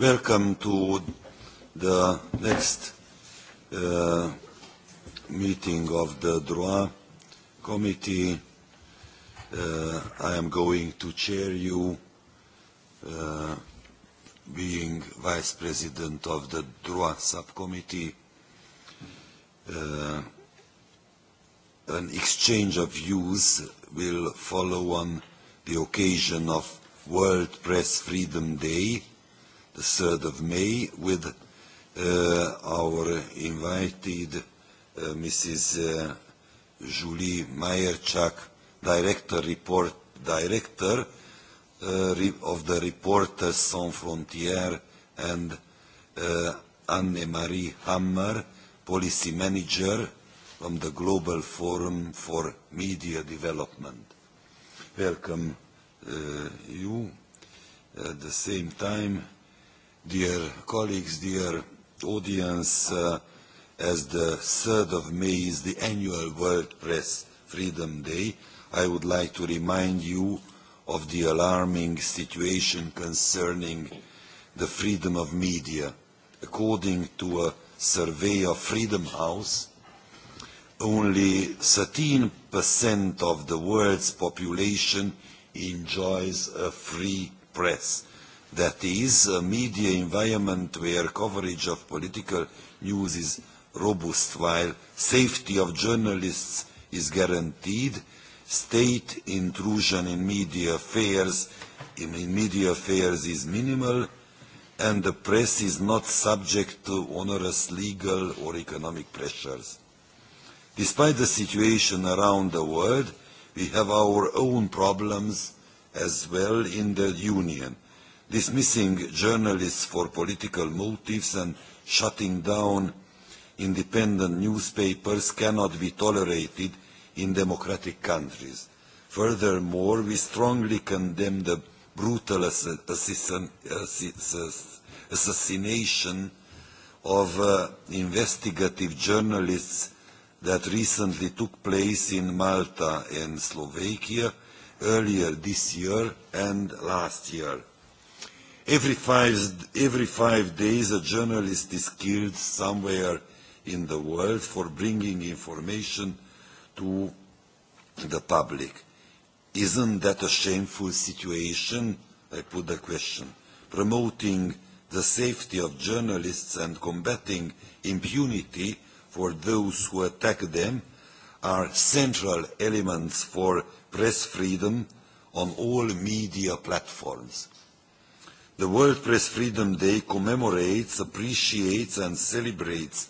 Welcome to the next uh, meeting of the DROA committee. Uh, I am going to chair you, uh, being vice president of the DROA subcommittee. Uh, an exchange of views will follow on the occasion of World Press Freedom Day, uh, the 3rd of May with uh, our invited uh, Mrs. Uh, Julie Meyerchak, director, report, director uh, re of the Reporters Sans Frontières and uh, Anne-Marie Hammer, policy manager from the Global Forum for Media Development. Welcome uh, you. At the same time, Dear colleagues, dear audience, uh, as the 3rd of May is the annual World Press Freedom Day, I would like to remind you of the alarming situation concerning the freedom of media. According to a survey of Freedom House, only 13% of the world's population enjoys a free press. That is, a media environment where coverage of political news is robust while safety of journalists is guaranteed, state intrusion in media affairs, in media affairs is minimal, and the press is not subject to onerous legal or economic pressures. Despite the situation around the world, we have our own problems as well in the Union – dismissing journalists for political motives and shutting down independent newspapers cannot be tolerated in democratic countries. Furthermore, we strongly condemn the brutal assassination of uh, investigative journalists that recently took place in Malta and Slovakia earlier this year and last year. Every five, every five days, a journalist is killed somewhere in the world for bringing information to the public. Isn't that a shameful situation? I put the question. Promoting the safety of journalists and combating impunity for those who attack them are central elements for press freedom on all media platforms. The World Press Freedom Day commemorates, appreciates and celebrates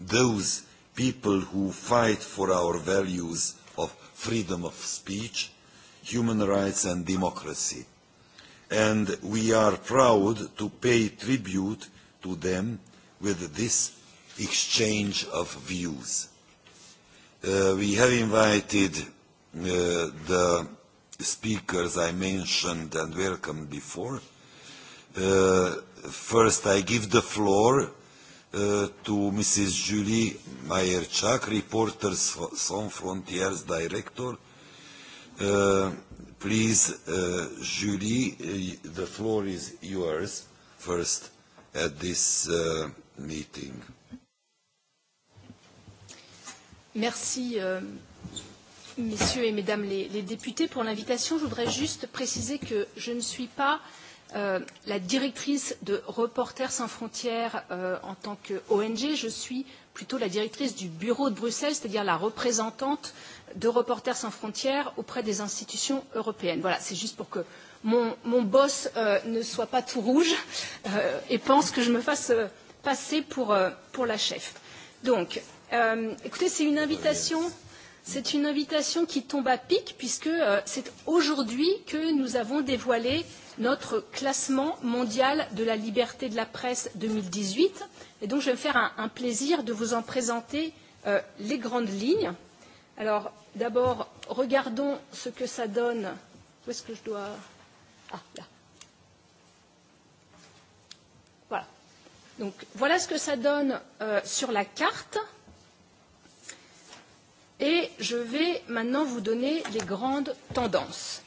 those people who fight for our values of freedom of speech, human rights and democracy. And we are proud to pay tribute to them with this exchange of views. Uh, we have invited uh, the speakers I mentioned and welcomed before Uh, first, I give the floor uh, to Mrs. Julie Mayerchak, Reporters Sans Frontières Director. Uh, please, uh, Julie, uh, the floor is yours first at this uh, meeting. Merci, euh, messieurs et mesdames les, les députés, pour l'invitation. Je voudrais juste préciser que je ne suis pas euh, euh, la directrice de Reporters sans frontières euh, en tant qu'ONG. Je suis plutôt la directrice du bureau de Bruxelles, c'est-à-dire la représentante de Reporters sans frontières auprès des institutions européennes. Voilà, c'est juste pour que mon, mon boss euh, ne soit pas tout rouge euh, et pense que je me fasse euh, passer pour, euh, pour la chef. Donc, euh, écoutez, c'est une invitation. Oh, yes. C'est une invitation qui tombe à pic puisque euh, c'est aujourd'hui que nous avons dévoilé euh, notre classement mondial de la liberté de la presse 2018. Et donc, je vais me faire un, un plaisir de vous en présenter euh, les grandes lignes. Alors, d'abord, regardons ce que ça donne. Où est-ce que je dois. Ah, là. Voilà. Donc, voilà ce que ça donne euh, sur la carte. Et je vais maintenant vous donner les grandes tendances.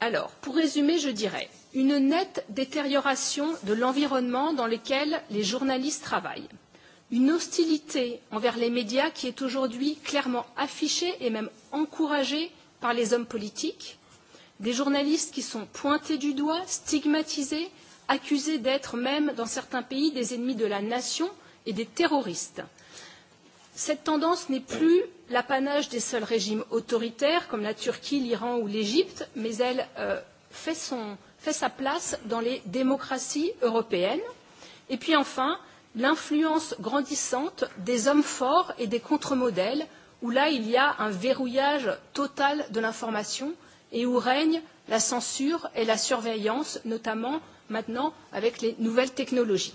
Alors, pour résumer, je dirais une nette détérioration de l'environnement dans lequel les journalistes travaillent, une hostilité envers les médias qui est aujourd'hui clairement affichée et même encouragée par les hommes politiques, des journalistes qui sont pointés du doigt, stigmatisés, accusés d'être même dans certains pays des ennemis de la nation et des terroristes Cette tendance n'est plus l'apanage des seuls régimes autoritaires comme la Turquie, l'Iran ou l'Égypte, mais elle euh, fait, son, fait sa place dans les démocraties européennes. Et puis enfin, l'influence grandissante des hommes forts et des contre-modèles, où là il y a un verrouillage total de l'information et où règne la censure et la surveillance, notamment maintenant avec les nouvelles technologies.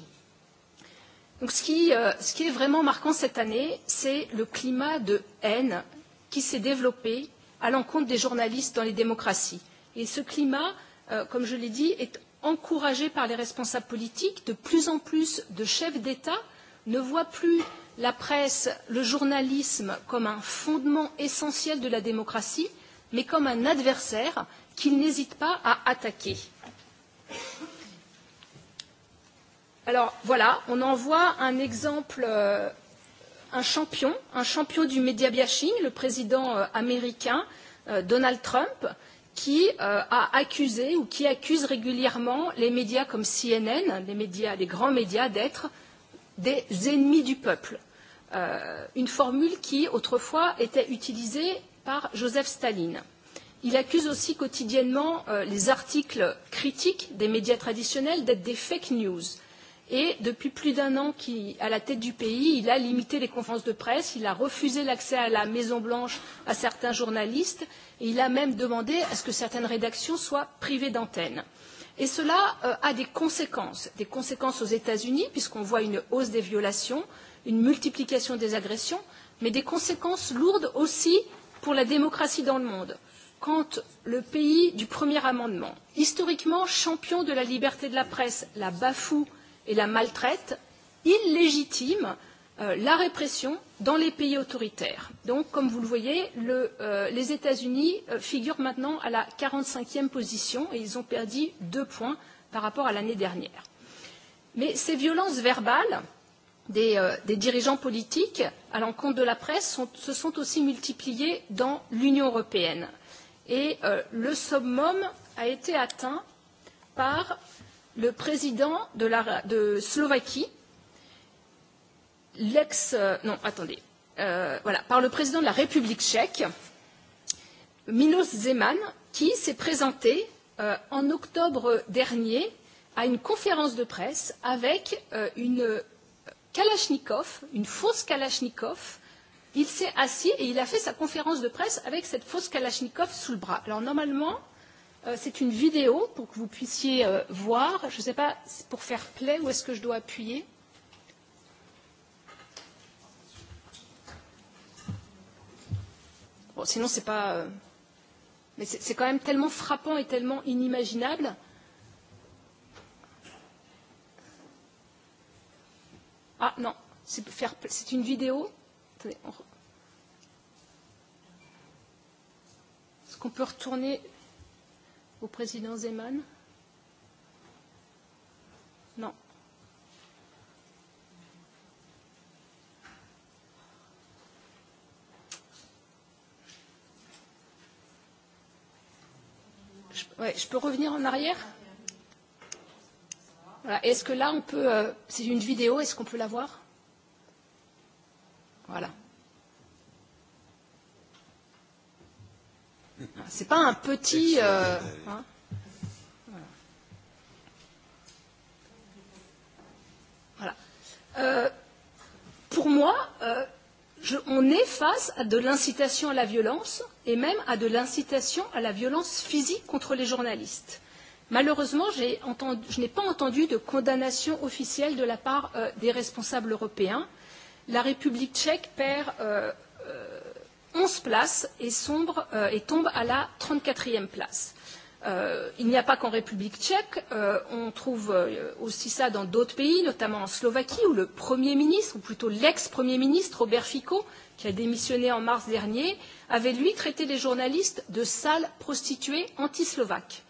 Donc, ce, qui, euh, ce qui est vraiment marquant cette année, c'est le climat de haine qui s'est développé à l'encontre des journalistes dans les démocraties. Et ce climat, euh, comme je l'ai dit, est encouragé par les responsables politiques. De plus en plus de chefs d'État ne voient plus la presse, le journalisme comme un fondement essentiel de la démocratie, mais comme un adversaire qu'ils n'hésitent pas à attaquer. Euh, Alors voilà, on en voit un exemple, euh, un champion, un champion du media bashing, le président euh, américain euh, Donald Trump, qui euh, a accusé ou qui accuse régulièrement les médias comme CNN, les médias, les grands médias, d'être des ennemis du peuple. Euh, une formule qui autrefois était utilisée par Joseph Staline. Il accuse aussi quotidiennement euh, les articles critiques des médias traditionnels d'être des fake news. Euh, Et depuis plus d'un an qui, à la tête du pays, il a limité les conférences de presse, il a refusé l'accès à la Maison Blanche à certains journalistes, et il a même demandé à ce que certaines rédactions soient privées d'antenne. Et cela euh, a des conséquences, des conséquences aux États-Unis, puisqu'on voit une hausse des violations, une multiplication des agressions, mais des conséquences lourdes aussi pour la démocratie dans le monde. Quand le pays du premier amendement, historiquement champion de la liberté de la presse, la bafoue et la maltraite, il légitime euh, la répression dans les pays autoritaires. Donc, comme vous le voyez, le, euh, les États-Unis euh, figurent maintenant à la 45e position et ils ont perdu deux points par rapport à l'année dernière. Mais ces violences verbales des, euh, des dirigeants politiques à l'encontre de la presse sont, se sont aussi multipliées dans l'Union européenne. Et euh, le summum a été atteint par euh, le président de, la, de Slovaquie, l'ex. Euh, non, attendez. Euh, voilà, par le président de la République tchèque, Milos Zeman, qui s'est présenté euh, en octobre dernier à une conférence de presse avec euh, une Kalachnikov, une fausse Kalachnikov. Il s'est assis et il a fait sa conférence de presse avec cette fausse Kalachnikov sous le bras. Alors normalement, Euh, c'est une vidéo pour que vous puissiez euh, voir. Je ne sais pas pour faire play où est-ce que je dois appuyer. Bon, sinon c'est pas. Euh... Mais c'est quand même tellement frappant et tellement inimaginable. Ah non, c'est faire. C'est une vidéo. Attendez, on... Est-ce qu'on peut retourner au président Zeman Non. Je, ouais, je peux revenir en arrière voilà. Est-ce que là, on peut. Euh, c'est une vidéo, est-ce qu'on peut la voir Voilà. Ce n'est pas un petit. Euh, hein voilà. euh, pour moi, euh, je, on est face à de l'incitation à la violence et même à de l'incitation à la violence physique contre les journalistes. Malheureusement, entendu, je n'ai pas entendu de condamnation officielle de la part euh, des responsables européens. La République tchèque perd euh, euh, 11 places et, sombre, euh, et tombe à la 34e place. Euh, il n'y a pas qu'en République tchèque, euh, on trouve euh, aussi ça dans d'autres pays, notamment en Slovaquie, où le Premier ministre, ou plutôt l'ex-Premier ministre Robert Fico, qui a démissionné en mars dernier, avait lui traité les journalistes de sales prostituées anti-slovaques.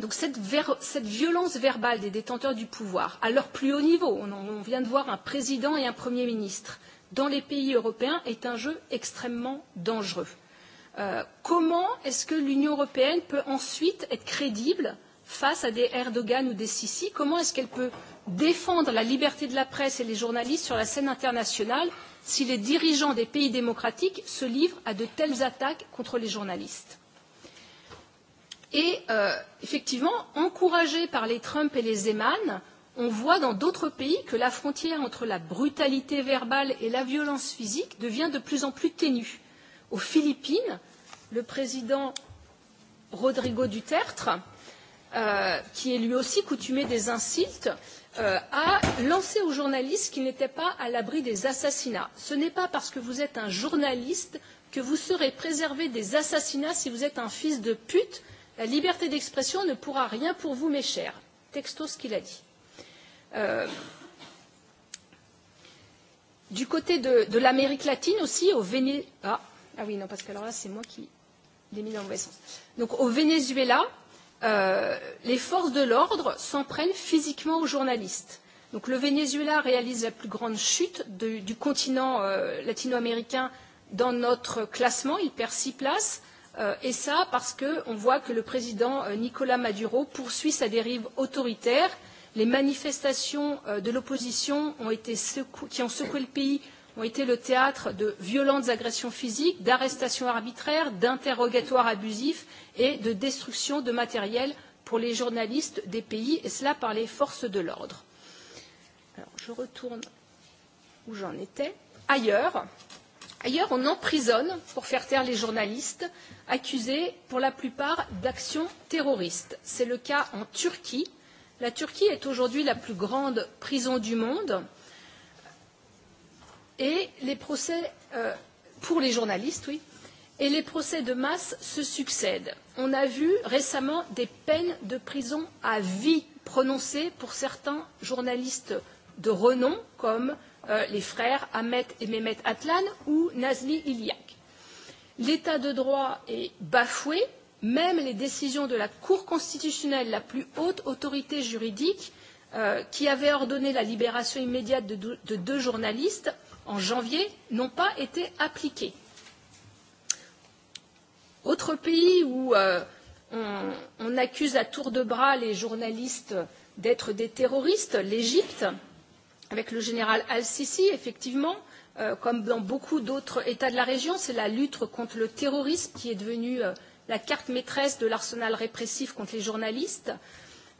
Donc cette, ver cette violence verbale des détenteurs du pouvoir, à leur plus haut niveau, on, en, on vient de voir un président et un Premier ministre, euh, dans les pays européens est un jeu extrêmement dangereux. Euh, comment est-ce que l'Union européenne peut ensuite être crédible face à des Erdogan ou des Sisi Comment est-ce qu'elle peut défendre la liberté de la presse et les journalistes sur la scène internationale si les dirigeants des pays démocratiques se livrent à de telles attaques contre les journalistes Et euh, effectivement, encouragés par les Trump et les Zeman, on voit dans d'autres pays que la frontière entre la brutalité verbale et la violence physique devient de plus en plus ténue. Aux Philippines, le président Rodrigo Duterte, euh, qui est lui aussi coutumé des insultes, euh, a lancé aux journalistes qui n'étaient pas à l'abri des assassinats. Ce n'est pas parce que vous êtes un journaliste que vous serez préservé des assassinats si vous êtes un fils de pute. La liberté d'expression ne pourra rien pour vous, mes chers. Texto ce qu'il a dit. Euh, du côté de, de l'Amérique latine aussi, au Venezuela. Ah, ah oui, non, parce que alors là, c'est moi qui l'ai mis dans le mauvais sens. Donc au Venezuela, euh, les forces de l'ordre s'en prennent physiquement aux journalistes. Donc le Venezuela réalise la plus grande chute de, du continent euh, latino-américain dans notre classement. Il perd six places. Euh, et ça parce qu'on voit que le président euh, Nicolas Maduro poursuit sa dérive autoritaire euh, Les manifestations euh, de l'opposition ont été secou qui ont secoué le pays ont été le théâtre de violentes agressions physiques, d'arrestations arbitraires, d'interrogatoires abusifs et de destruction de matériel pour les journalistes des pays, et cela par les forces de l'ordre. Alors, je retourne où j'en étais. Ailleurs, ailleurs, on emprisonne pour faire taire les journalistes accusés pour la plupart d'actions terroristes. C'est le cas en Turquie, La Turquie est aujourd'hui la plus grande prison du monde et les procès euh, pour les journalistes, oui, et les procès de masse se succèdent. On a vu récemment des peines de prison à vie prononcées pour certains journalistes de renom, comme euh, les frères Ahmet et Mehmet Atlan ou Nazli Iliak. L'état de droit est bafoué même les décisions de la Cour constitutionnelle, la plus haute autorité juridique, euh, qui avait ordonné la libération immédiate de, deux, de deux journalistes en janvier, n'ont pas été appliquées. Autre pays où euh, on, on accuse à tour de bras les journalistes d'être des terroristes, l'Égypte, avec le général Al-Sisi, effectivement, euh, comme dans beaucoup d'autres États de la région, c'est la lutte contre le terrorisme qui est devenue euh, la carte maîtresse de l'arsenal répressif contre les journalistes,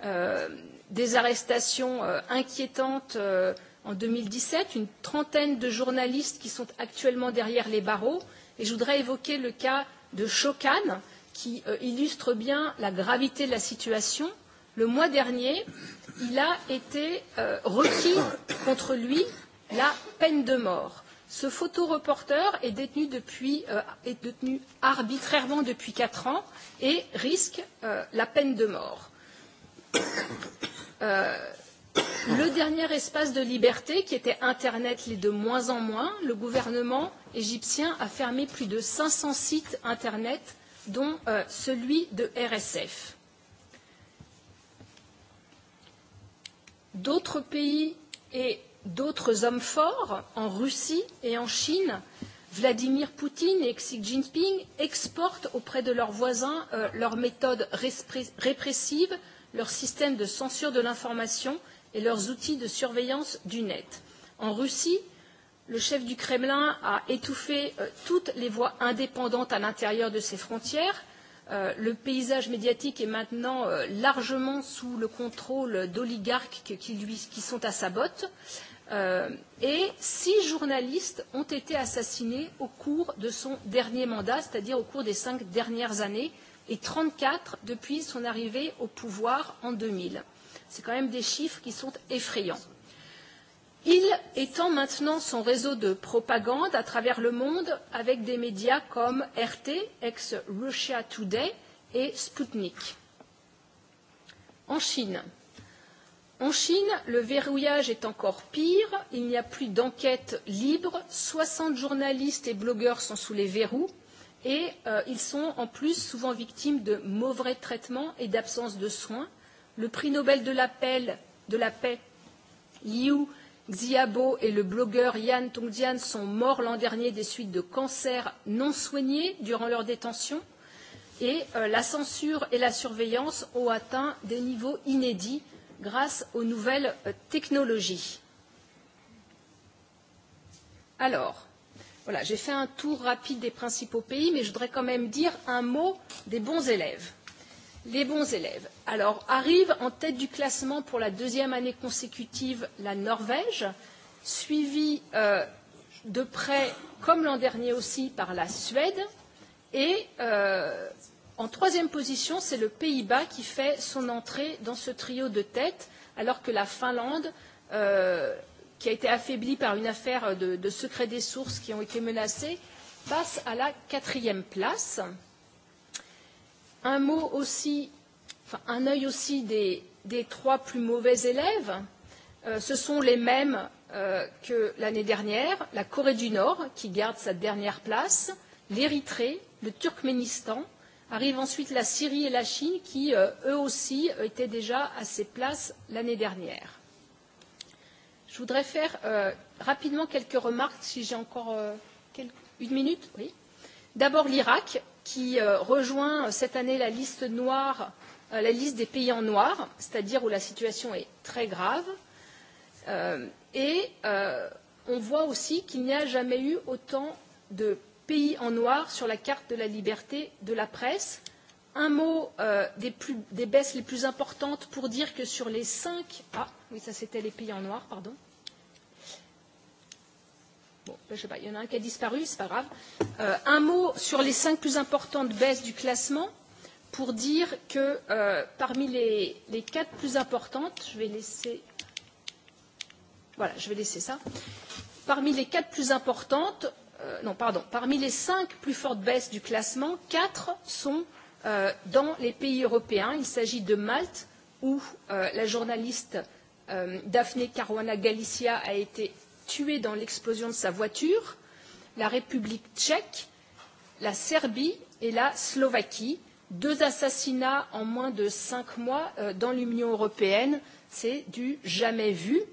euh, des arrestations euh, inquiétantes euh, en 2017, une trentaine de journalistes qui sont actuellement derrière les barreaux. Et je voudrais évoquer le cas de Shokan, qui euh, illustre bien la gravité de la situation. Le mois dernier, il a été euh, requis contre lui la peine de mort Ce photoreporter est détenu, depuis, euh, est détenu arbitrairement depuis 4 ans et risque euh, la peine de mort. euh, le dernier espace de liberté, qui était Internet, l'est de moins en moins. Le gouvernement égyptien a fermé plus de 500 sites Internet, dont euh, celui de RSF. D'autres pays et d'autres hommes forts en Russie et en Chine, Vladimir Poutine et Xi Jinping, exportent auprès de leurs voisins euh, leurs méthodes répressives, leurs systèmes de censure de l'information et leurs outils de surveillance du net. En Russie, le chef du Kremlin a étouffé euh, toutes les voies indépendantes à l'intérieur de ses frontières. Euh, le paysage médiatique est maintenant euh, largement sous le contrôle d'oligarques qui, qui, lui, qui sont à sa botte. Euh, Euh, et six journalistes ont été assassinés au cours de son dernier mandat, c'est-à-dire au cours des cinq dernières années, et 34 depuis son arrivée au pouvoir en 2000. C'est quand même des chiffres qui sont effrayants. Il étend maintenant son réseau de propagande à travers le monde avec des médias comme RT, ex-Russia Today, et Sputnik. En Chine, En Chine, le verrouillage est encore pire. Il n'y a plus d'enquête libre. 60 journalistes et blogueurs sont sous les verrous et euh, ils sont en plus souvent victimes de mauvais traitements et d'absence de soins. Le prix Nobel de la, paix, de la paix, Liu Xiaobo et le blogueur Yan Tongjian sont morts l'an dernier des suites de cancers non soignés durant leur détention. Et euh, la censure et la surveillance ont atteint des niveaux inédits grâce aux nouvelles euh, technologies. Alors, voilà, j'ai fait un tour rapide des principaux pays, mais je voudrais quand même dire un mot des bons élèves. Les bons élèves. Alors, arrive en tête du classement pour la deuxième année consécutive la Norvège, suivie euh, de près, comme l'an dernier aussi, par la Suède et euh, En troisième position, c'est le Pays-Bas qui fait son entrée dans ce trio de tête, alors que la Finlande, euh, qui a été affaiblie par une affaire de, de secret des sources qui ont été menacées, passe à la quatrième place. Un mot aussi, enfin un œil aussi des, des trois plus mauvais élèves, euh, ce sont les mêmes euh, que l'année dernière, la Corée du Nord qui garde sa dernière place, l'Érythrée, le Turkménistan Arrivent ensuite la Syrie et la Chine qui, euh, eux aussi, étaient déjà à ces places l'année dernière. Je voudrais faire euh, rapidement quelques remarques, si j'ai encore euh, quelques... une minute. Oui. D'abord l'Irak, qui euh, rejoint euh, cette année la liste noire, euh, la liste des pays en noir, c'est-à-dire où la situation est très grave. Euh, et euh, on voit aussi qu'il n'y a jamais eu autant de pays en noir sur la carte de la liberté de la presse. Un mot euh, des, plus, des baisses les plus importantes pour dire que sur les cinq ah oui ça c'était les pays en noir pardon bon ben, je sais pas il y en a un qui a disparu c'est pas grave euh, un mot sur les cinq plus importantes baisses du classement pour dire que euh, parmi les, les quatre plus importantes je vais laisser voilà je vais laisser ça parmi les quatre plus importantes euh, non, pardon, parmi les cinq plus fortes baisses du classement, quatre sont euh, dans les pays européens. Il s'agit de Malte, où euh, la journaliste euh, Daphne Caruana Galicia a été tuée dans l'explosion de sa voiture, la République tchèque, la Serbie et la Slovaquie. Deux assassinats en moins de cinq mois euh, dans l'Union européenne, c'est du jamais vu. Euh,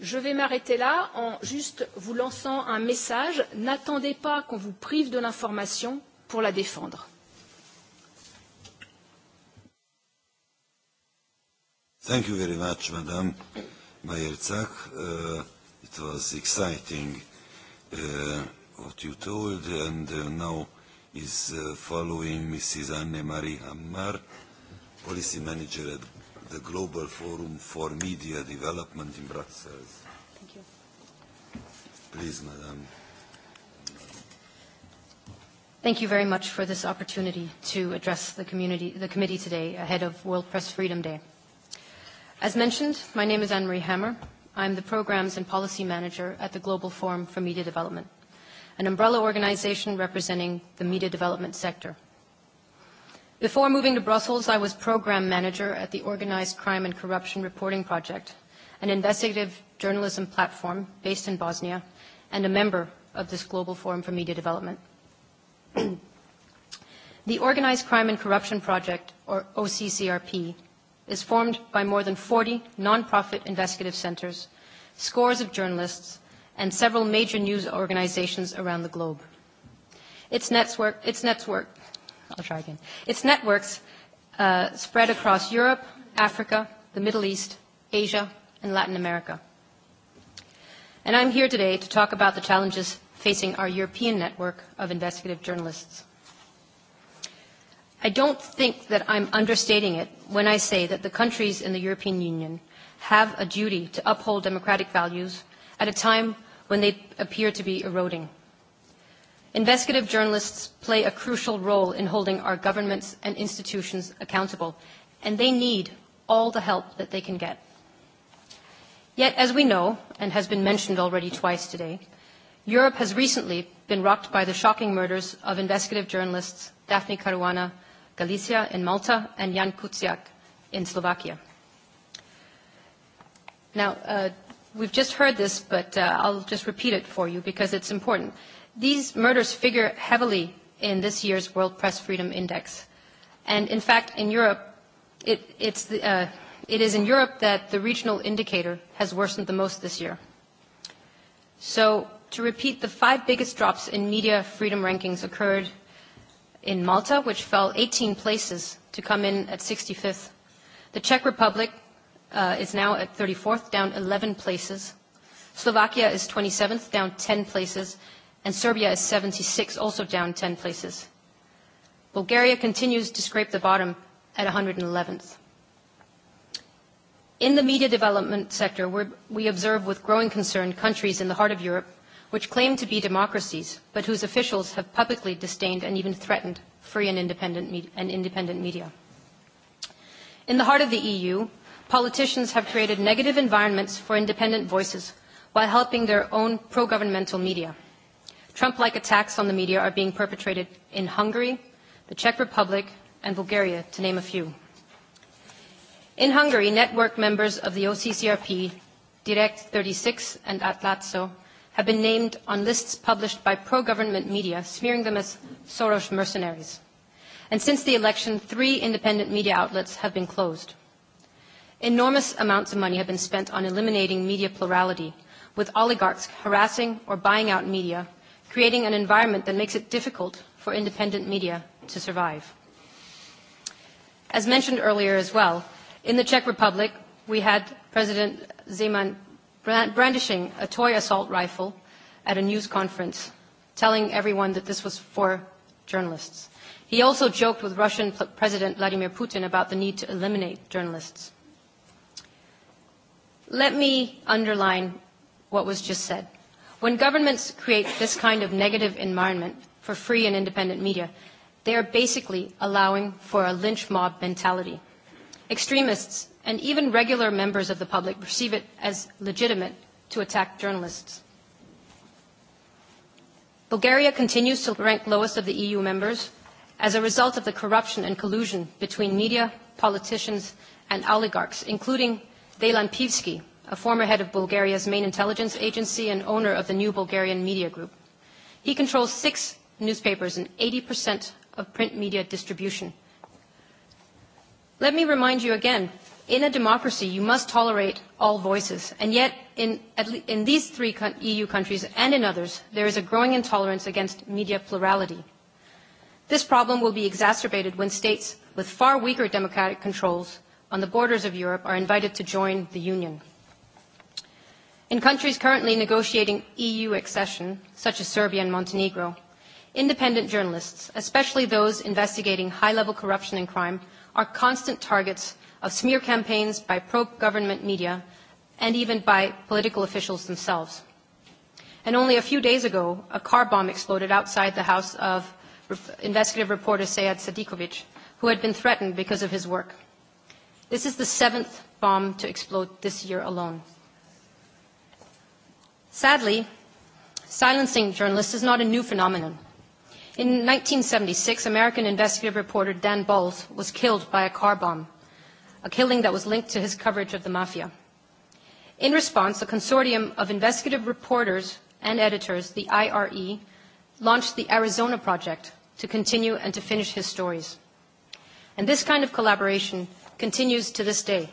Je vais m'arrêter là en juste vous lançant un message. N'attendez pas qu'on vous prive de l'information pour la défendre. Thank you very much, Madam Bayerczak. Uh, it was exciting uh, what you told, and uh, now is uh, following Mrs. Anne-Marie Hammar, Policy Manager at the Global Forum for Media Development in Brussels. Thank you. Please, Madam. Thank you very much for this opportunity to address the, community, the committee today ahead of World Press Freedom Day. As mentioned, my name is Anne-Marie Hammer. I'm the Programs and Policy Manager at the Global Forum for Media Development, an umbrella organization representing the media development sector. Before moving to Brussels, I was program manager at the Organized Crime and Corruption Reporting Project, an investigative journalism platform based in Bosnia, and a member of this Global Forum for Media Development. the Organized Crime and Corruption Project, or OCCRP, is formed by more than 40 nonprofit investigative centers, scores of journalists, and several major news organizations around the globe. Its network, its network I'll try again. Its networks uh, spread across Europe, Africa, the Middle East, Asia, and Latin America. And I'm here today to talk about the challenges facing our European network of investigative journalists. I don't think that I'm understating it when I say that the countries in the European Union have a duty to uphold democratic values at a time when they appear to be eroding. Investigative journalists play a crucial role in holding our governments and institutions accountable, and they need all the help that they can get. Yet, as we know, and has been mentioned already twice today, Europe has recently been rocked by the shocking murders of investigative journalists Daphne Caruana Galicia in Malta and Jan Kuciak in Slovakia. Now, uh, we've just heard this, but uh, I'll just repeat it for you because it's important. These murders figure heavily in this year's World Press Freedom Index. And in fact, in Europe, it, it's the, uh, it is in Europe that the regional indicator has worsened the most this year. So to repeat, the five biggest drops in media freedom rankings occurred in Malta, which fell 18 places to come in at 65th. The Czech Republic uh, is now at 34th, down 11 places. Slovakia is 27th, down 10 places and Serbia is 76, also down 10 places. Bulgaria continues to scrape the bottom at 111th. In the media development sector, we're, we observe with growing concern countries in the heart of Europe which claim to be democracies, but whose officials have publicly disdained and even threatened free and independent, me- and independent media. In the heart of the EU, politicians have created negative environments for independent voices while helping their own pro-governmental media – Trump-like attacks on the media are being perpetrated in Hungary, the Czech Republic, and Bulgaria, to name a few. In Hungary, network members of the OCCRP, Direct 36 and Atlazzo, have been named on lists published by pro-government media, smearing them as Soros mercenaries. And since the election, three independent media outlets have been closed. Enormous amounts of money have been spent on eliminating media plurality, with oligarchs harassing or buying out media creating an environment that makes it difficult for independent media to survive. As mentioned earlier as well, in the Czech Republic, we had President Zeman brandishing a toy assault rifle at a news conference, telling everyone that this was for journalists. He also joked with Russian President Vladimir Putin about the need to eliminate journalists. Let me underline what was just said. When governments create this kind of negative environment for free and independent media, they are basically allowing for a lynch mob mentality. Extremists and even regular members of the public perceive it as legitimate to attack journalists. Bulgaria continues to rank lowest of the EU members as a result of the corruption and collusion between media, politicians, and oligarchs, including Dejlan Pivsky, a former head of Bulgaria's main intelligence agency and owner of the New Bulgarian Media Group. He controls six newspapers and 80% of print media distribution. Let me remind you again, in a democracy, you must tolerate all voices. And yet, in, at le- in these three co- EU countries and in others, there is a growing intolerance against media plurality. This problem will be exacerbated when states with far weaker democratic controls on the borders of Europe are invited to join the Union. In countries currently negotiating EU accession, such as Serbia and Montenegro, independent journalists, especially those investigating high-level corruption and crime, are constant targets of smear campaigns by pro-government media and even by political officials themselves. And only a few days ago, a car bomb exploded outside the house of re- investigative reporter Seyad Sadikovic, who had been threatened because of his work. This is the seventh bomb to explode this year alone. Sadly, silencing journalists is not a new phenomenon. In 1976, American investigative reporter Dan Bowles was killed by a car bomb, a killing that was linked to his coverage of the mafia. In response, a consortium of investigative reporters and editors, the IRE, launched the Arizona Project to continue and to finish his stories. And this kind of collaboration continues to this day.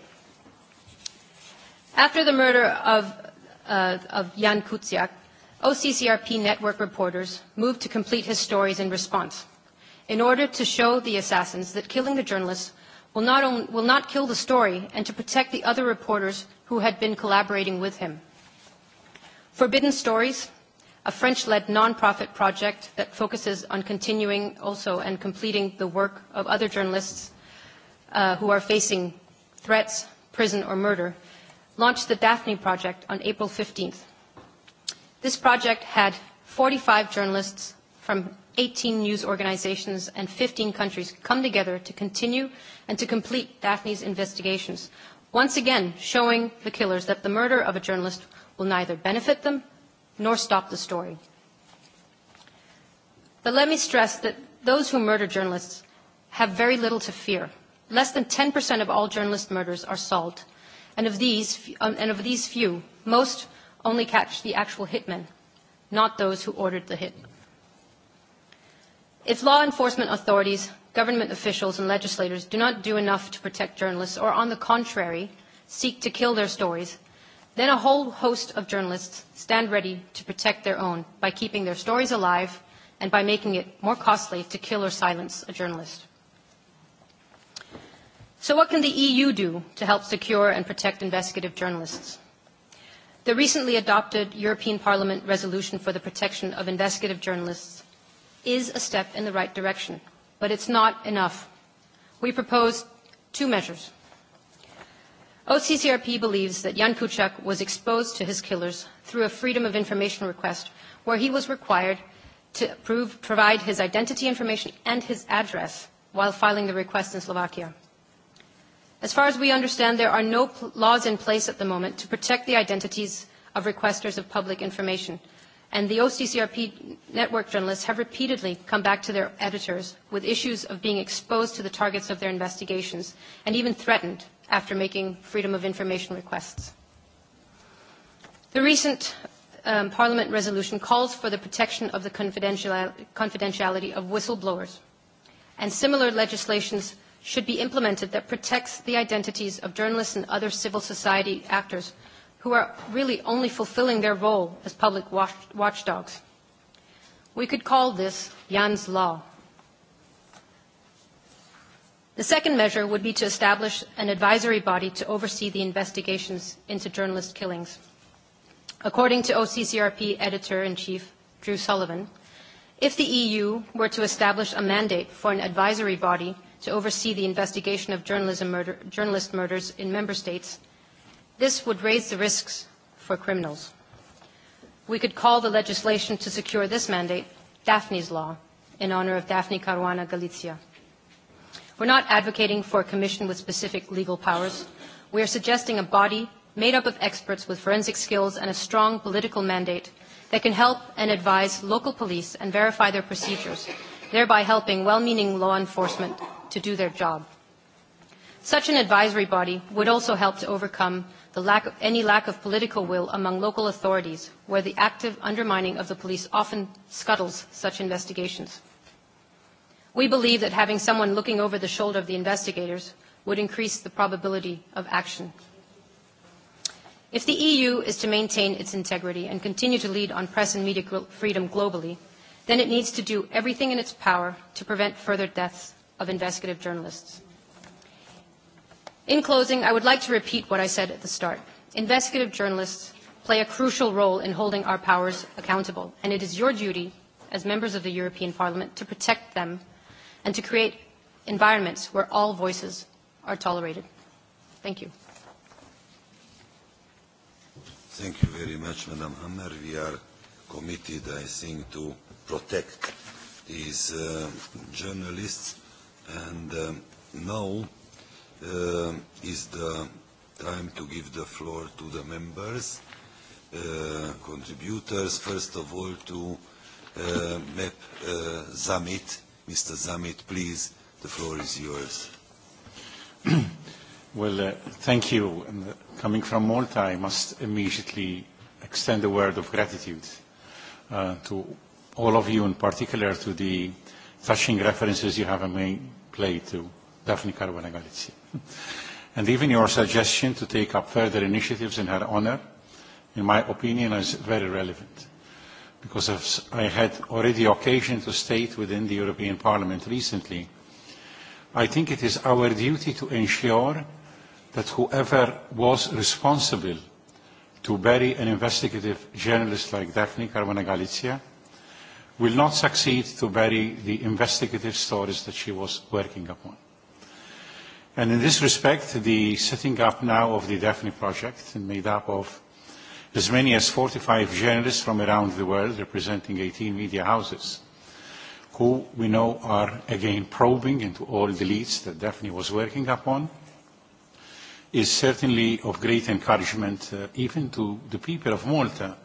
After the murder of uh, of Jan Kuciak, OCCRP network reporters moved to complete his stories in response in order to show the assassins that killing the journalists will not, on, will not kill the story and to protect the other reporters who had been collaborating with him. Forbidden Stories, a French-led non-profit project that focuses on continuing also and completing the work of other journalists uh, who are facing threats, prison or murder, launched the Daphne Project on April 15th. This project had 45 journalists from 18 news organizations and 15 countries come together to continue and to complete Daphne's investigations, once again showing the killers that the murder of a journalist will neither benefit them nor stop the story. But let me stress that those who murder journalists have very little to fear. Less than 10% of all journalist murders are solved – and of these, um, and of these few, most only catch the actual hitmen, not those who ordered the hit. If law enforcement authorities, government officials, and legislators do not do enough to protect journalists, or on the contrary, seek to kill their stories, then a whole host of journalists stand ready to protect their own by keeping their stories alive and by making it more costly to kill or silence a journalist. So what can the EU do to help secure and protect investigative journalists? The recently adopted European Parliament resolution for the protection of investigative journalists is a step in the right direction, but it's not enough. We propose two measures. OCCRP believes that Jan Kuciak was exposed to his killers through a Freedom of Information request where he was required to prove, provide his identity information and his address while filing the request in Slovakia. As far as we understand, there are no pl- laws in place at the moment to protect the identities of requesters of public information. And the OCCRP network journalists have repeatedly come back to their editors with issues of being exposed to the targets of their investigations and even threatened after making freedom of information requests. The recent um, Parliament resolution calls for the protection of the confidential- confidentiality of whistleblowers. And similar legislations should be implemented that protects the identities of journalists and other civil society actors who are really only fulfilling their role as public watch, watchdogs. We could call this Jan's Law. The second measure would be to establish an advisory body to oversee the investigations into journalist killings. According to OCCRP Editor-in-Chief Drew Sullivan, if the EU were to establish a mandate for an advisory body to oversee the investigation of journalism murder, journalist murders in member states, this would raise the risks for criminals. We could call the legislation to secure this mandate Daphne's Law, in honor of Daphne Caruana Galizia. We're not advocating for a commission with specific legal powers. We are suggesting a body made up of experts with forensic skills and a strong political mandate that can help and advise local police and verify their procedures, thereby helping well-meaning law enforcement to do their job. Such an advisory body would also help to overcome the lack of, any lack of political will among local authorities, where the active undermining of the police often scuttles such investigations. We believe that having someone looking over the shoulder of the investigators would increase the probability of action. If the EU is to maintain its integrity and continue to lead on press and media freedom globally, then it needs to do everything in its power to prevent further deaths of investigative journalists. In closing, I would like to repeat what I said at the start. Investigative journalists play a crucial role in holding our powers accountable, and it is your duty as members of the European Parliament to protect them and to create environments where all voices are tolerated. Thank you. Thank you very much, Madam Hammer. We are committed, I think, to protect these uh, journalists. And uh, now uh, is the time to give the floor to the members, uh, contributors, first of all to uh, MEP uh, Zamit. Mr. Zamit, please, the floor is yours. well, uh, thank you. And, uh, coming from Malta, I must immediately extend a word of gratitude uh, to all of you, in particular to the touching references you have made play to Daphne Caruana Galizia. and even your suggestion to take up further initiatives in her honor, in my opinion, is very relevant. Because I had already occasion to state within the European Parliament recently, I think it is our duty to ensure that whoever was responsible to bury an investigative journalist like Daphne Caruana Galizia will not succeed to bury the investigative stories that she was working upon. And in this respect, the setting up now of the Daphne Project, made up of as many as 45 journalists from around the world representing 18 media houses, who we know are again probing into all the leads that Daphne was working upon, is certainly of great encouragement uh, even to the people of Malta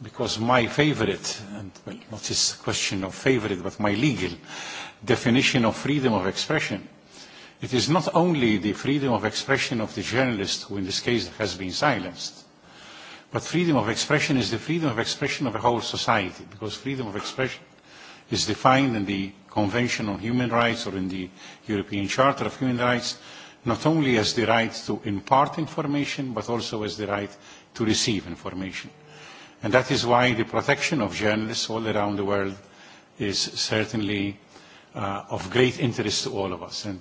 because my favorite, and well, not this question of favorite, but my legal definition of freedom of expression, it is not only the freedom of expression of the journalist who in this case has been silenced, but freedom of expression is the freedom of expression of a whole society, because freedom of expression is defined in the Convention on Human Rights or in the European Charter of Human Rights, not only as the right to impart information, but also as the right to receive information. And that is why the protection of journalists all around the world is certainly uh, of great interest to all of us. And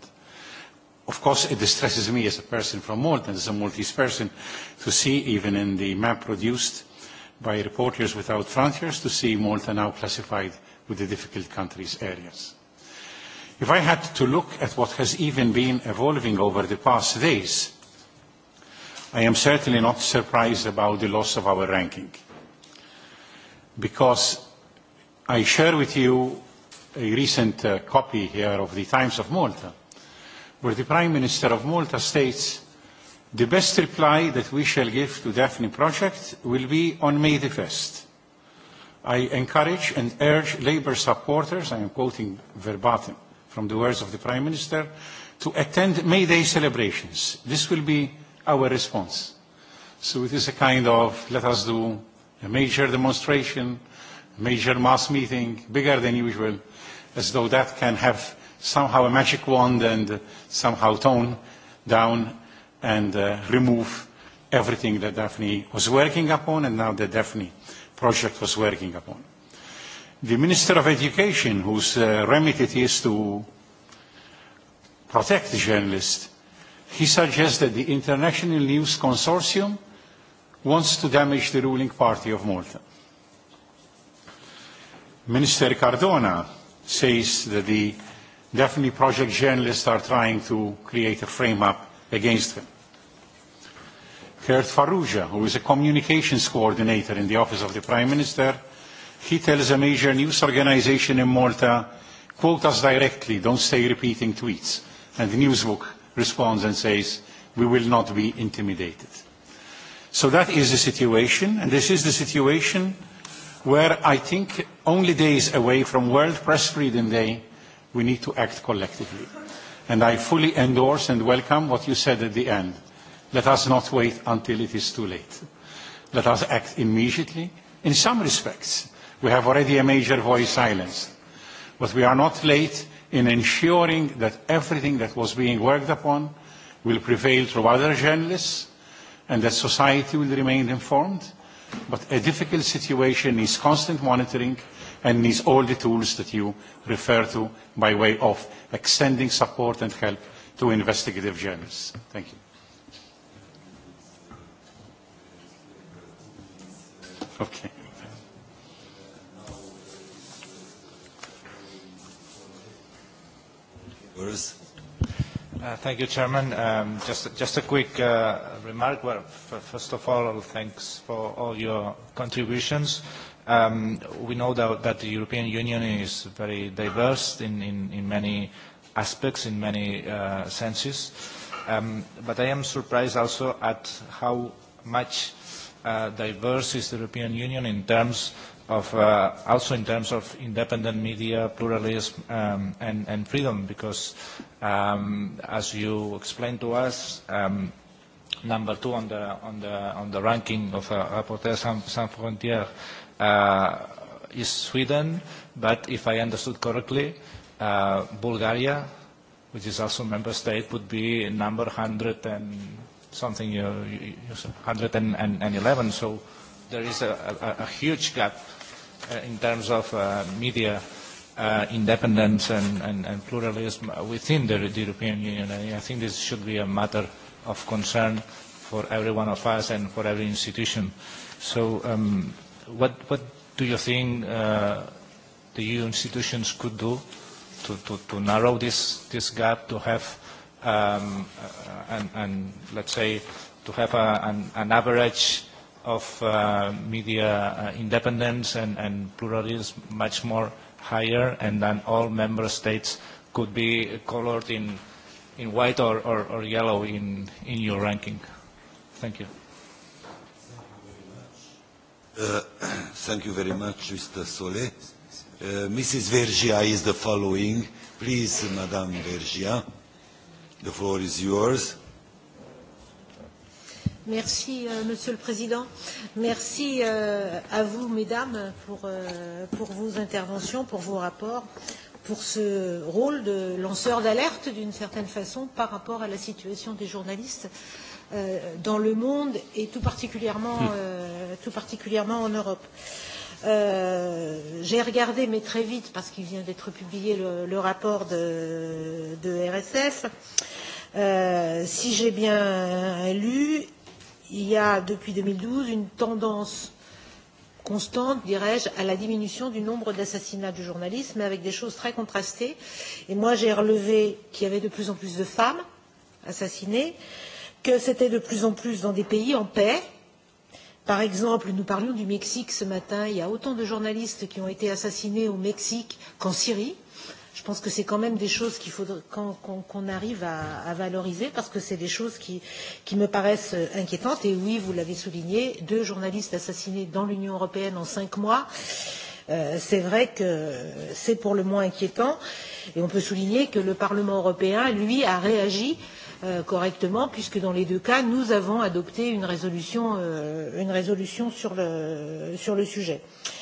of course, it distresses me as a person from Malta, as a Maltese person, to see even in the map produced by Reporters Without Frontiers, to see Malta now classified with the difficult countries areas. If I had to look at what has even been evolving over the past days, I am certainly not surprised about the loss of our ranking because I share with you a recent uh, copy here of the Times of Malta, where the Prime Minister of Malta states, the best reply that we shall give to Daphne project will be on May the 1st. I encourage and urge Labour supporters, I am quoting verbatim from the words of the Prime Minister, to attend May Day celebrations. This will be our response. So it is a kind of let us do a major demonstration, a major mass meeting, bigger than usual, as though that can have somehow a magic wand and somehow tone down and uh, remove everything that Daphne was working upon and now the Daphne project was working upon. The Minister of Education, whose uh, remit it is to protect the journalists, he suggested the International News Consortium wants to damage the ruling party of Malta. Minister Cardona says that the Daphne Project journalists are trying to create a frame-up against him. Kurt Farrugia, who is a communications coordinator in the office of the Prime Minister, he tells a major news organization in Malta, quote us directly, don't stay repeating tweets. And the newsbook responds and says, we will not be intimidated. So that is the situation, and this is the situation where I think only days away from World Press Freedom Day, we need to act collectively. And I fully endorse and welcome what you said at the end. Let us not wait until it is too late. Let us act immediately. In some respects, we have already a major voice silenced. But we are not late in ensuring that everything that was being worked upon will prevail through other journalists, and that society will remain informed. But a difficult situation needs constant monitoring and needs all the tools that you refer to by way of extending support and help to investigative journalists. Thank you. Okay. Worse. Uh, thank you, Chairman. Um, just, just a quick uh, remark. Well, first of all, thanks for all your contributions. Um, we know that, that the European Union is very diverse in, in, in many aspects, in many uh, senses. Um, but I am surprised also at how much uh, diverse is the European Union in terms of uh, also in terms of independent media, pluralism, um, and, and freedom, because um, as you explained to us, um, number two on the on the on the ranking of uh, Reporters Sans, Sans Frontières uh, is Sweden, but if I understood correctly, uh, Bulgaria, which is also a member state, would be number 100 and something, you, you, 111. So there is a, a, a huge gap uh, in terms of uh, media uh, independence and, and, and pluralism within the, the European Union. And I think this should be a matter of concern for every one of us and for every institution. So um, what, what do you think uh, the EU institutions could do to, to, to narrow this, this gap, to have, um, uh, and, and let's say, to have a, an, an average of uh, media uh, independence and, and pluralism much more higher, and then all member states could be colored in, in white or, or, or yellow in, in your ranking. Thank you. Uh, thank you very much, Mr. Solé. Uh, Mrs. Vergia is the following. Please, Madame Vergia, the floor is yours. Merci, euh, Monsieur le Président. Merci euh, à vous, Mesdames, pour, euh, pour vos interventions, pour vos rapports, pour ce rôle de lanceur d'alerte, d'une certaine façon, par rapport à la situation des journalistes euh, dans le monde et tout particulièrement, hmm. euh, tout particulièrement en Europe. Euh, J'ai regardé, mais très vite, parce qu'il vient d'être publié le, le rapport de, de RSF. Euh, si j'ai bien lu, il y a depuis 2012 une tendance constante, dirais-je, à la diminution du nombre d'assassinats du journalisme, mais avec des choses très contrastées. Et moi, j'ai relevé qu'il y avait de plus en plus de femmes assassinées, que c'était de plus en plus dans des pays en paix. Par exemple, nous parlions du Mexique ce matin, il y a autant de journalistes qui ont été assassinés au Mexique qu'en Syrie pense que c'est quand même des choses qu'il faut qu'on qu qu arrive à, à valoriser parce que c'est des choses qui, qui me paraissent euh, inquiétantes. Et oui, vous l'avez souligné, deux journalistes assassinés dans l'Union européenne en cinq mois. Euh, c'est vrai que c'est pour le moins inquiétant et on peut souligner que le Parlement européen, lui, a réagi euh, correctement puisque dans les deux cas nous avons adopté une résolution, euh, une résolution sur, le, sur le sujet. Euh,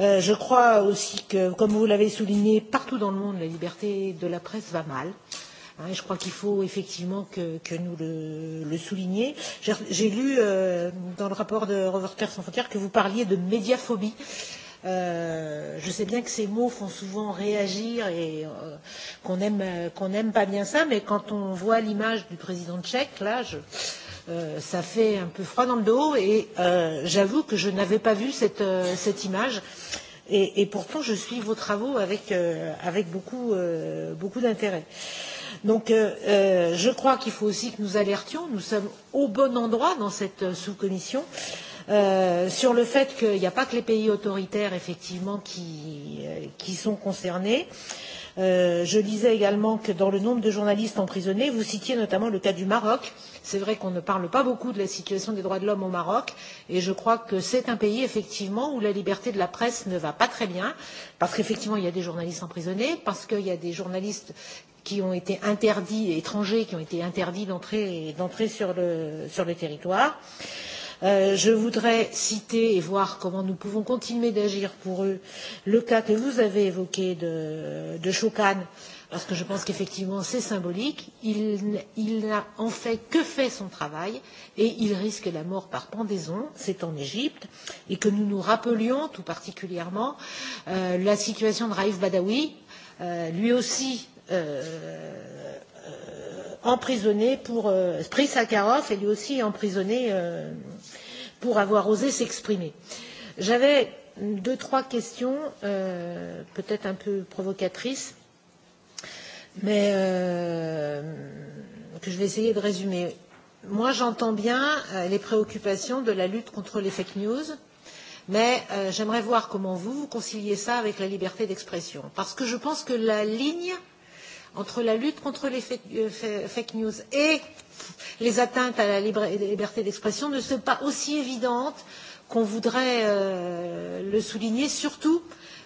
Euh, je crois aussi que, comme vous l'avez souligné, partout dans le monde, la liberté de la presse va mal. Hein, je crois qu'il faut effectivement que, que nous le, le soulignions. J'ai lu euh, dans le rapport de Reporters sans frontières que vous parliez de médiaphobie. Euh, je sais bien que ces mots font souvent réagir et euh, qu'on aime, euh, qu'on n'aime pas bien ça, mais quand on voit l'image du président tchèque, là, je, euh, euh, ça fait un peu froid dans le dos et euh, j'avoue que je n'avais pas vu cette, euh, cette image. Et, et pourtant, je suis vos travaux avec, euh, avec beaucoup, euh, beaucoup d'intérêt. Donc, euh, euh, je crois qu'il faut aussi que nous alertions. Nous sommes au bon endroit dans cette sous-commission. Euh, Euh, sur le fait qu'il n'y a pas que les pays autoritaires effectivement qui, euh, qui sont concernés. Euh, je lisais également que dans le nombre de journalistes emprisonnés, vous citiez notamment le cas du Maroc. Euh, c'est vrai qu'on ne parle pas beaucoup de la situation des droits de l'homme au Maroc et je crois que c'est un pays effectivement où la liberté de la presse ne va pas très bien parce qu'effectivement il y a des journalistes emprisonnés, parce qu'il y a des journalistes qui ont été interdits, étrangers qui ont été interdits d'entrer sur le, sur le territoire. Euh, je voudrais citer et voir comment nous pouvons continuer d'agir pour eux le cas que vous avez évoqué de, de Shokan euh, parce que je pense qu'effectivement c'est symbolique. Il, il n'a en fait que fait son travail et il risque la mort par pendaison, c'est en Égypte, et que nous nous rappelions tout particulièrement euh, la situation de Raif Badawi, euh, lui aussi euh, euh, emprisonné pour euh, prix Sakharov et lui aussi emprisonné euh, pour avoir osé s'exprimer. J'avais deux, trois questions, euh, peut-être un peu provocatrices mais euh, que je vais essayer de résumer. Moi, j'entends bien euh, les préoccupations de la lutte contre les fake news, mais euh, j'aimerais voir comment vous, vous conciliez ça avec la liberté d'expression. Parce que je pense que la ligne entre la lutte contre les fake, euh, fake news et les atteintes à la liberté d'expression ne sont pas aussi évidentes qu'on voudrait euh, le souligner, surtout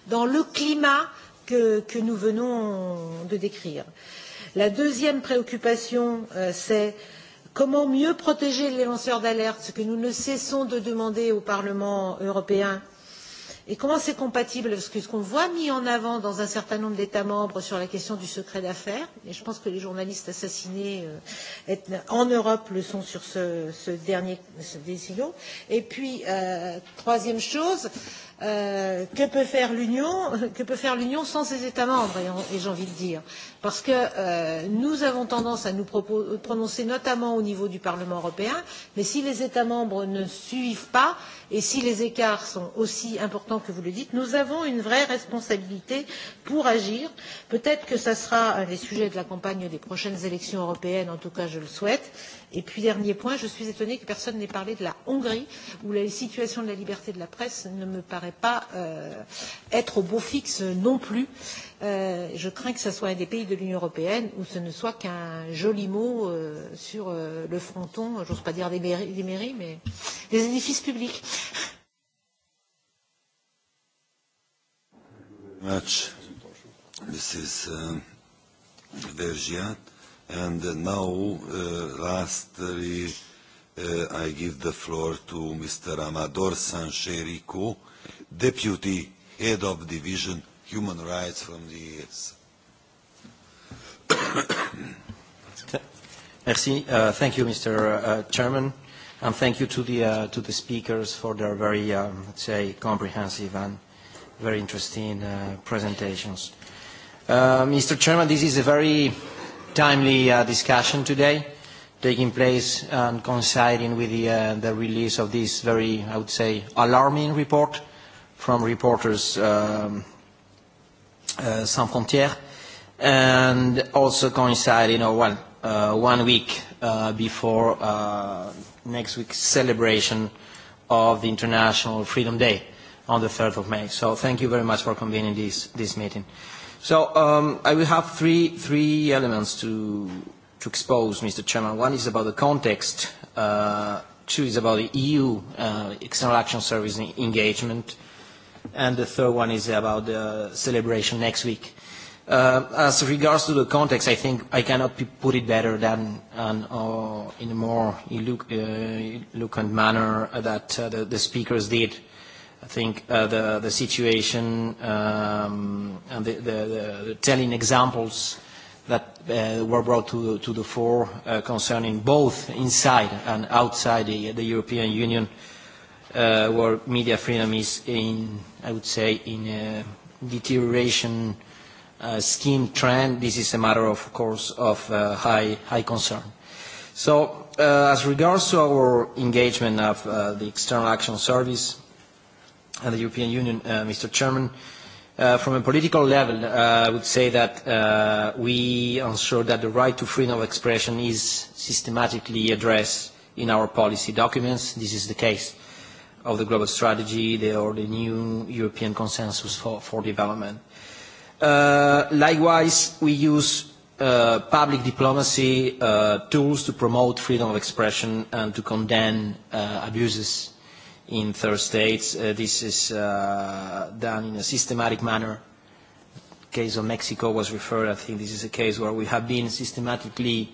dans le climat euh, que, que nous venons de décrire. La deuxième préoccupation, euh, c'est comment mieux protéger les lanceurs d'alerte, ce que nous ne cessons de demander au Parlement européen et comment c'est compatible avec ce qu'on voit mis en avant dans un certain nombre d'États membres sur la question du secret d'affaires et je pense que les journalistes assassinés euh, en Europe le sont sur ce, ce dernier cette décision et puis euh, troisième chose euh, Euh, que peut faire l'Union Que peut faire l'Union sans ses États membres Et, et j'ai envie de dire, parce que euh, nous avons tendance à nous prononcer notamment au niveau du Parlement européen, mais si les États membres ne suivent pas et si les écarts sont aussi importants que vous le dites, nous avons une vraie responsabilité pour agir. Peut-être que ça sera un des sujets de la campagne des prochaines élections européennes, en tout cas je le souhaite Et puis, dernier point, je suis étonnée que personne n'ait parlé de la Hongrie, où la situation de la liberté de la presse ne me paraît pas euh, être au beau fixe non plus. Euh, je crains que ce soit un des pays de l'Union européenne où ce ne soit qu'un joli mot euh, sur euh, le fronton, j'ose pas dire des mairies, des mairies, mais des édifices publics. Much. Mrs. Uh, Vergiat. And uh, now, uh, lastly, uh, I give the floor to Mr. Amador Sancherico, Deputy Head of Division Human Rights from the ES. Merci. Uh, thank you, Mr. Uh, Chairman, and thank you to the, uh, to the speakers for their very, um, let's say, comprehensive and very interesting uh, presentations. Uh, Mr. Chairman, this is a very timely uh, discussion today, taking place and coinciding with the, uh, the release of this very, I would say, alarming report from reporters um, uh, Sans Frontières, and also coinciding, or oh, well, uh, one week uh, before uh, next week's celebration of the International Freedom Day on the 3rd of May. So thank you very much for convening this, this meeting. Uh, So um, I will have three, three elements to, to expose, Mr. Chairman. One is about the context. Uh, two is about the EU uh, External Action Service engagement. And the third one is about the celebration next week. Uh, as regards to the context, I think I cannot put it better than and, or uh, in a more uh, eloquent manner that uh, the, the speakers did. Uh, I think uh, the, the situation um, and the, the, the, the telling examples that uh, were brought to, to the fore uh, concerning both inside and outside the, the European Union uh, where media freedom is in, I would say, in a deterioration uh, scheme trend. This is a matter, of course, of uh, high, high concern. So uh, as regards to our engagement of uh, the External Action Service, and the European Union, uh, Mr. Chairman. Uh, from a political level, uh, I would say that uh, we ensure that the right to freedom of expression is systematically addressed in our policy documents. This is the case of the global strategy the, or the new European consensus for, for development. Uh, likewise, we use uh, public diplomacy uh, tools to promote freedom of expression and to condemn uh, abuses in third states. Uh, this is uh, done in a systematic manner. The case of Mexico was referred. I think this is a case where we have been systematically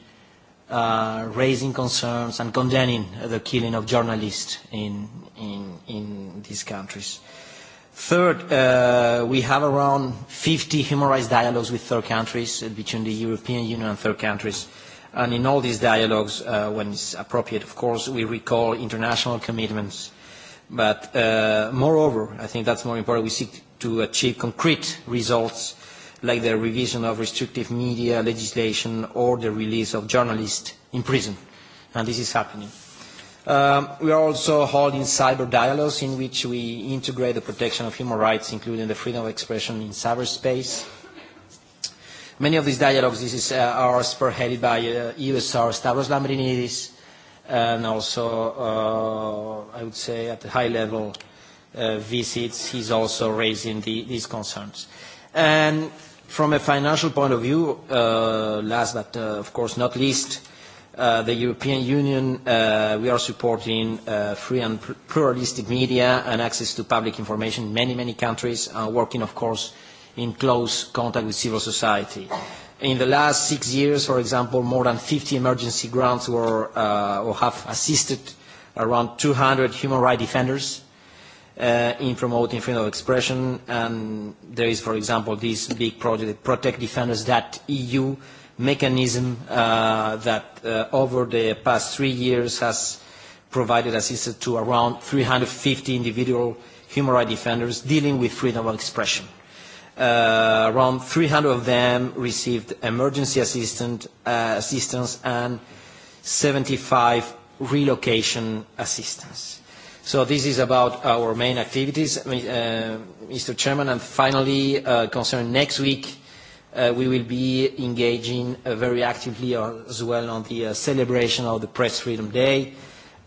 uh, raising concerns and condemning the killing of journalists in, in, in these countries. Third, uh, we have around 50 human rights dialogues with third countries, uh, between the European Union and third countries. And in all these dialogues, uh, when it's appropriate, of course, we recall international commitments uh, But uh, moreover, I think that's more important, we seek to achieve concrete results like the revision of restrictive media legislation or the release of journalists in prison. And this is happening. Um, we are also holding cyber dialogues in which we integrate the protection of human rights, including the freedom of expression in cyberspace. Many of these dialogues this is, uh, are spearheaded by uh, EUSR Stavros Lambrinidis, and also, uh, I would say, at a high level uh, visits, he's also raising the, these concerns. And from a financial point of view, uh, last but uh, of course not least, uh, the European Union, uh, we are supporting uh, free and pl pluralistic media and access to public information in many, many countries, and working, of course, in close contact with civil society. In the last six years, for example, more than 50 emergency grants were uh, or have assisted around 200 human rights defenders uh, in promoting freedom of expression. And there is, for example, this big project, Protect Defenders, that EU mechanism uh, that uh, over the past three years has provided assistance to around 350 individual human rights defenders dealing with freedom of expression. Uh, Uh, around 300 of them received emergency assistant, uh, assistance and 75 relocation assistance. So this is about our main activities, uh, Mr. Chairman. And finally, uh, concerning next week, uh, we will be engaging uh, very actively as well on the uh, celebration of the Press Freedom Day.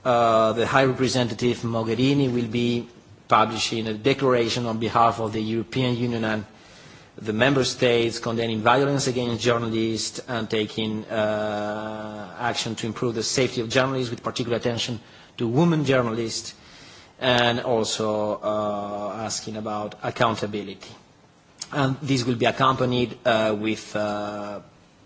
Uh, the High Representative Mogherini will be publishing a declaration on behalf of the European Union and the member states condemning violence against journalists and taking uh, action to improve the safety of journalists with particular attention to women journalists and also uh, asking about accountability. And this will be accompanied uh, with, uh,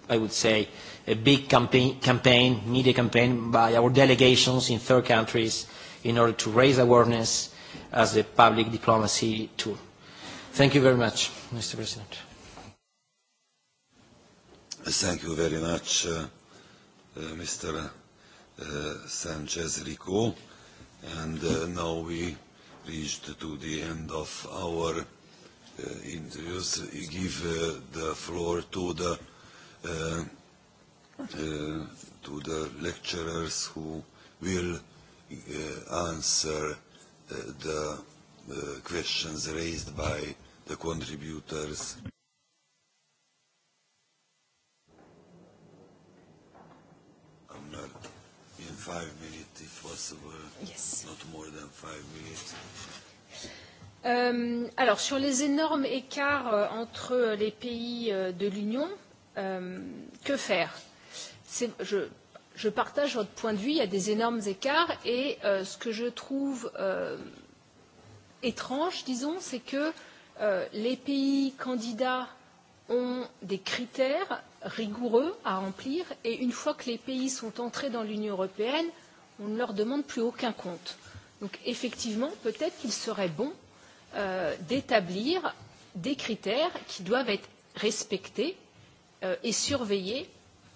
I would say, a big campaign, campaign, media campaign by our delegations in third countries in order to raise awareness as a public diplomacy tool. Thank you very much, Mr. President. Thank you very much, uh, uh, Mr. Uh, Sanchez Rico. And uh, now we reached to the end of our uh, interviews. We give uh, the floor to the uh, uh, to the lecturers who will uh, answer uh, the the uh, questions raised by the contributors. I'm not in five minutes, if possible. Yes. Not more than five minutes. Euh, alors, sur les énormes écarts euh, entre les pays euh, de l'Union, euh, que faire je, je partage votre point de vue, il y a des énormes écarts et euh, ce que je trouve euh, étrange, disons, c'est que euh, les pays candidats ont des critères rigoureux à remplir et une fois que les pays sont entrés dans l'Union européenne, on ne leur demande plus aucun compte. Donc effectivement, peut-être qu'il serait bon euh, d'établir des critères qui doivent être respectés euh, et surveillés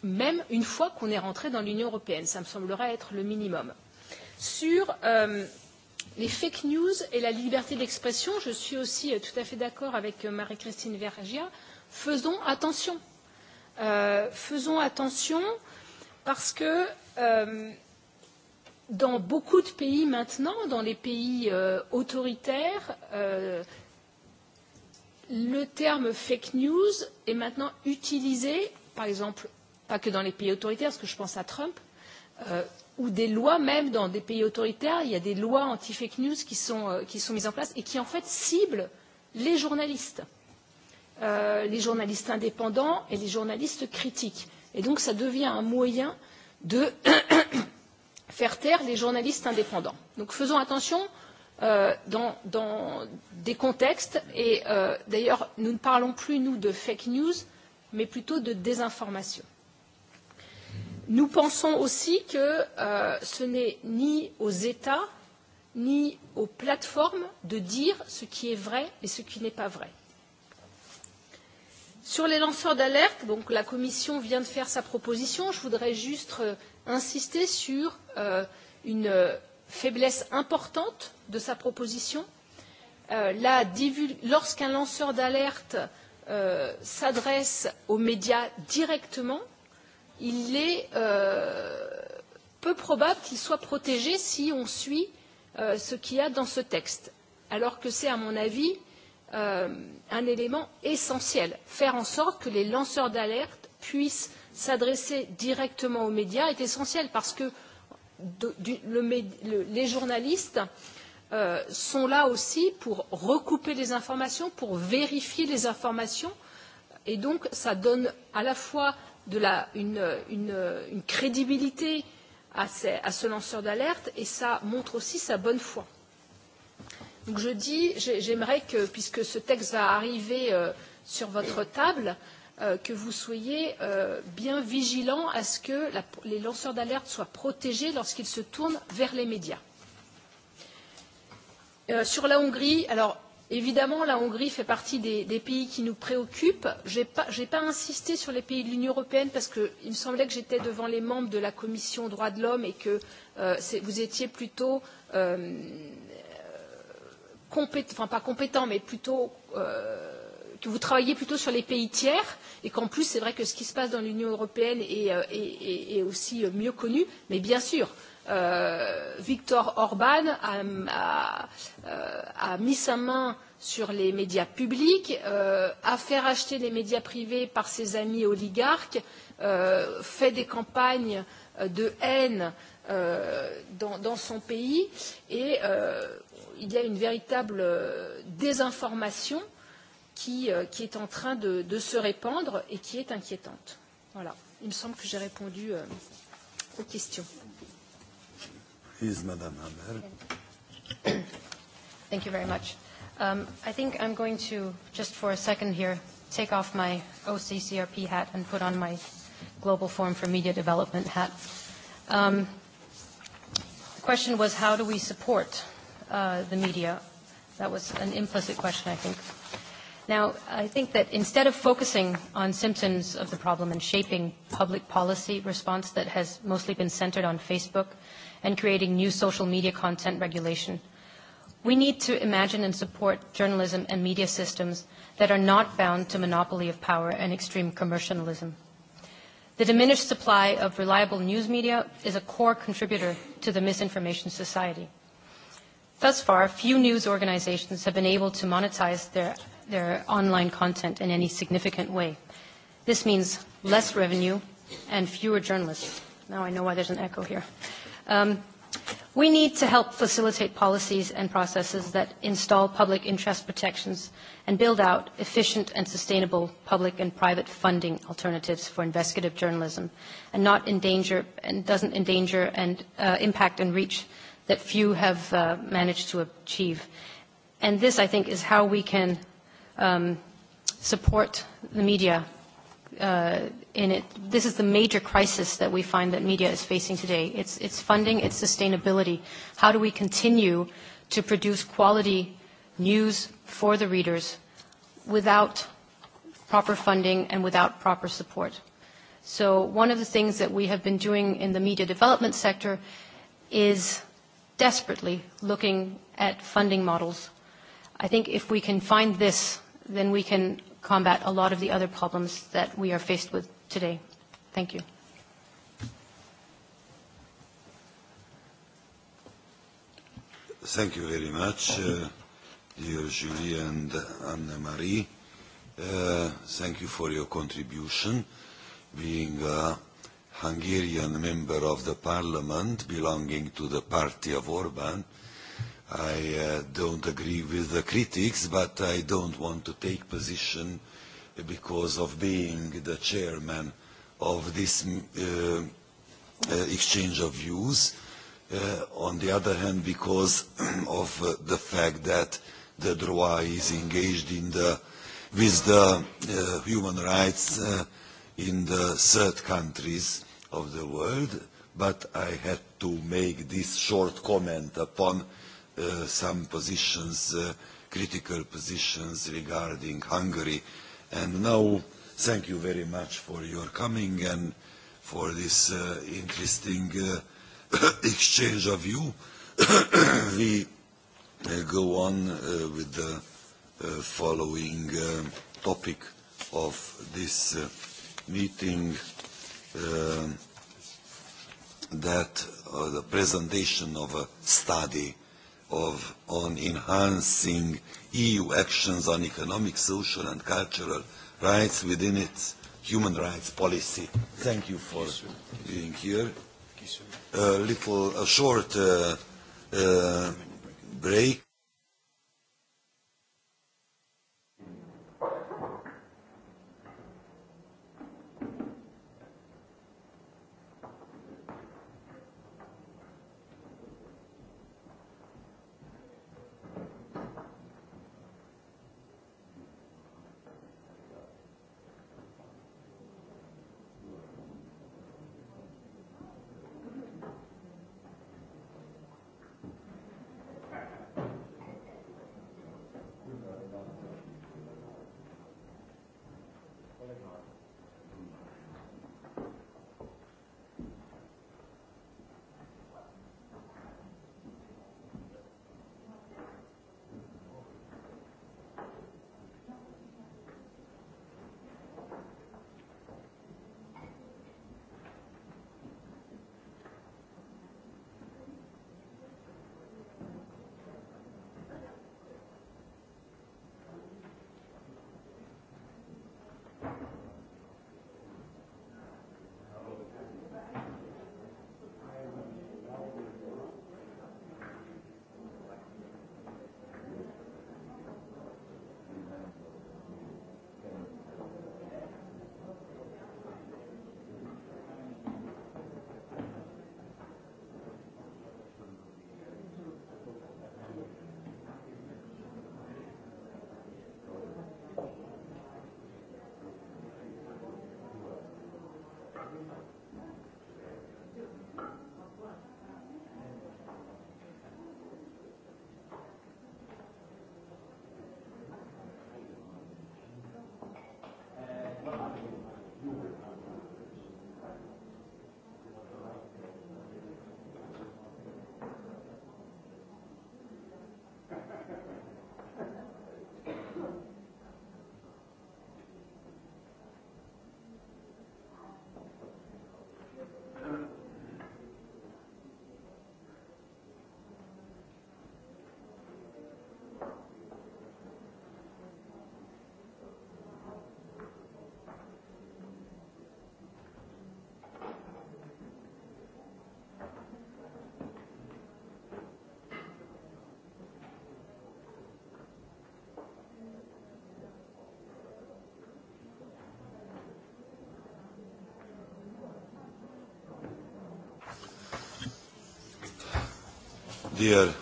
même une fois qu'on est rentré dans l'Union européenne. Ça me semblerait être le minimum. Sur euh, les fake news et la liberté d'expression, je suis aussi euh, tout à fait d'accord avec euh, Marie-Christine Vergia, faisons attention. Euh, faisons attention parce que euh, dans beaucoup de pays maintenant, dans les pays euh, autoritaires, euh, le terme fake news est maintenant utilisé, par exemple, pas que dans les pays autoritaires, parce que je pense à Trump, euh, ou des lois même dans des pays autoritaires, il y a des lois anti-fake news qui sont, euh, qui sont mises en place et qui en fait ciblent les journalistes, euh, les journalistes indépendants et les journalistes critiques. Et donc ça devient un moyen de faire taire les journalistes indépendants. Donc faisons attention euh, dans, dans des contextes et euh, d'ailleurs nous ne parlons plus nous de fake news mais plutôt de désinformation. Nous pensons aussi que euh, ce n'est ni aux États ni aux plateformes de dire ce qui est vrai et ce qui n'est pas vrai. Sur les lanceurs d'alerte, donc la Commission vient de faire sa proposition. Je voudrais juste euh, insister sur euh, une euh, faiblesse importante de sa proposition. Euh, la Lorsqu'un lanceur d'alerte euh, s'adresse aux médias directement, il est euh, peu probable qu'il soit protégé si on suit euh, ce qu'il y a dans ce texte, alors que c'est, à mon avis, euh, un élément essentiel faire en sorte que les lanceurs d'alerte puissent s'adresser directement aux médias est essentiel parce que de, du, le, le, les journalistes euh, sont là aussi pour recouper les informations, pour vérifier les informations, et donc ça donne à la fois de la, une, une, une crédibilité à, ces, à ce lanceur d'alerte et ça montre aussi sa bonne foi. Donc je dis, j'aimerais que, puisque ce texte va arriver euh, sur votre table, euh, que vous soyez euh, bien vigilant à ce que la, les lanceurs d'alerte soient protégés lorsqu'ils se tournent vers les médias. Euh, sur la Hongrie, alors Évidemment, la Hongrie fait partie des, des pays qui nous préoccupent. Je n'ai pas, pas insisté sur les pays de l'Union européenne parce qu'il me semblait que j'étais devant les membres de la Commission droits de l'homme et que euh, vous étiez plutôt, euh, compét, enfin pas compétent, mais plutôt euh, que vous travaillez plutôt sur les pays tiers et qu'en plus, c'est vrai que ce qui se passe dans l'Union européenne est, euh, est, est, est aussi euh, mieux connu, mais bien sûr, euh, Victor Orban a, a, euh, a mis sa main sur les médias publics, euh, a fait racheter les médias privés par ses amis oligarques, euh, fait des campagnes euh, de haine euh, dans, dans son pays et euh, il y a une véritable désinformation qui, euh, qui est en train de, de se répandre et qui est inquiétante. Voilà. Il me semble que j'ai répondu euh, aux questions. Please, Madame Hamel. Thank you very much. Um, I think I'm going to, just for a second here, take off my OCCRP hat and put on my Global Forum for Media Development hat. Um, the question was, how do we support uh, the media? That was an implicit question, I think. Now, I think that instead of focusing on symptoms of the problem and shaping public policy response that has mostly been centered on Facebook and creating new social media content regulation, we need to imagine and support journalism and media systems that are not bound to monopoly of power and extreme commercialism. The diminished supply of reliable news media is a core contributor to the misinformation society. Thus far, few news organizations have been able to monetize their their online content in any significant way. This means less revenue and fewer journalists. Now I know why there's an echo here. Um, we need to help facilitate policies and processes that install public interest protections and build out efficient and sustainable public and private funding alternatives for investigative journalism and not endanger and doesn't endanger and uh, impact and reach that few have uh, managed to achieve. And this, I think, is how we can um, support the media uh, in it. This is the major crisis that we find that media is facing today. It's, it's funding, it's sustainability. How do we continue to produce quality news for the readers without proper funding and without proper support? So one of the things that we have been doing in the media development sector is desperately looking at funding models I think if we can find this, then we can combat a lot of the other problems that we are faced with today. Thank you. Thank you very much, uh, dear Julie and Anne-Marie. Uh, thank you for your contribution. Being a Hungarian member of the parliament belonging to the party of Orban, uh, I uh, don't agree with the critics, but I don't want to take position because of being the chairman of this uh, uh exchange of views. Uh, on the other hand, because of uh, the fact that the DROA is engaged in the, with the uh, human rights uh, in the third countries of the world, but I had to make this short comment upon uh, uh, some positions, uh, critical positions regarding Hungary. And now, thank you very much for your coming and for this uh, interesting uh, exchange of view. we uh, go on uh, with the uh, following uh, topic of this uh, meeting uh, that uh, the presentation of a study of, on enhancing EU actions on economic, social and cultural rights within its human rights policy. Thank you for being here. A little, a short uh, uh, break. Dear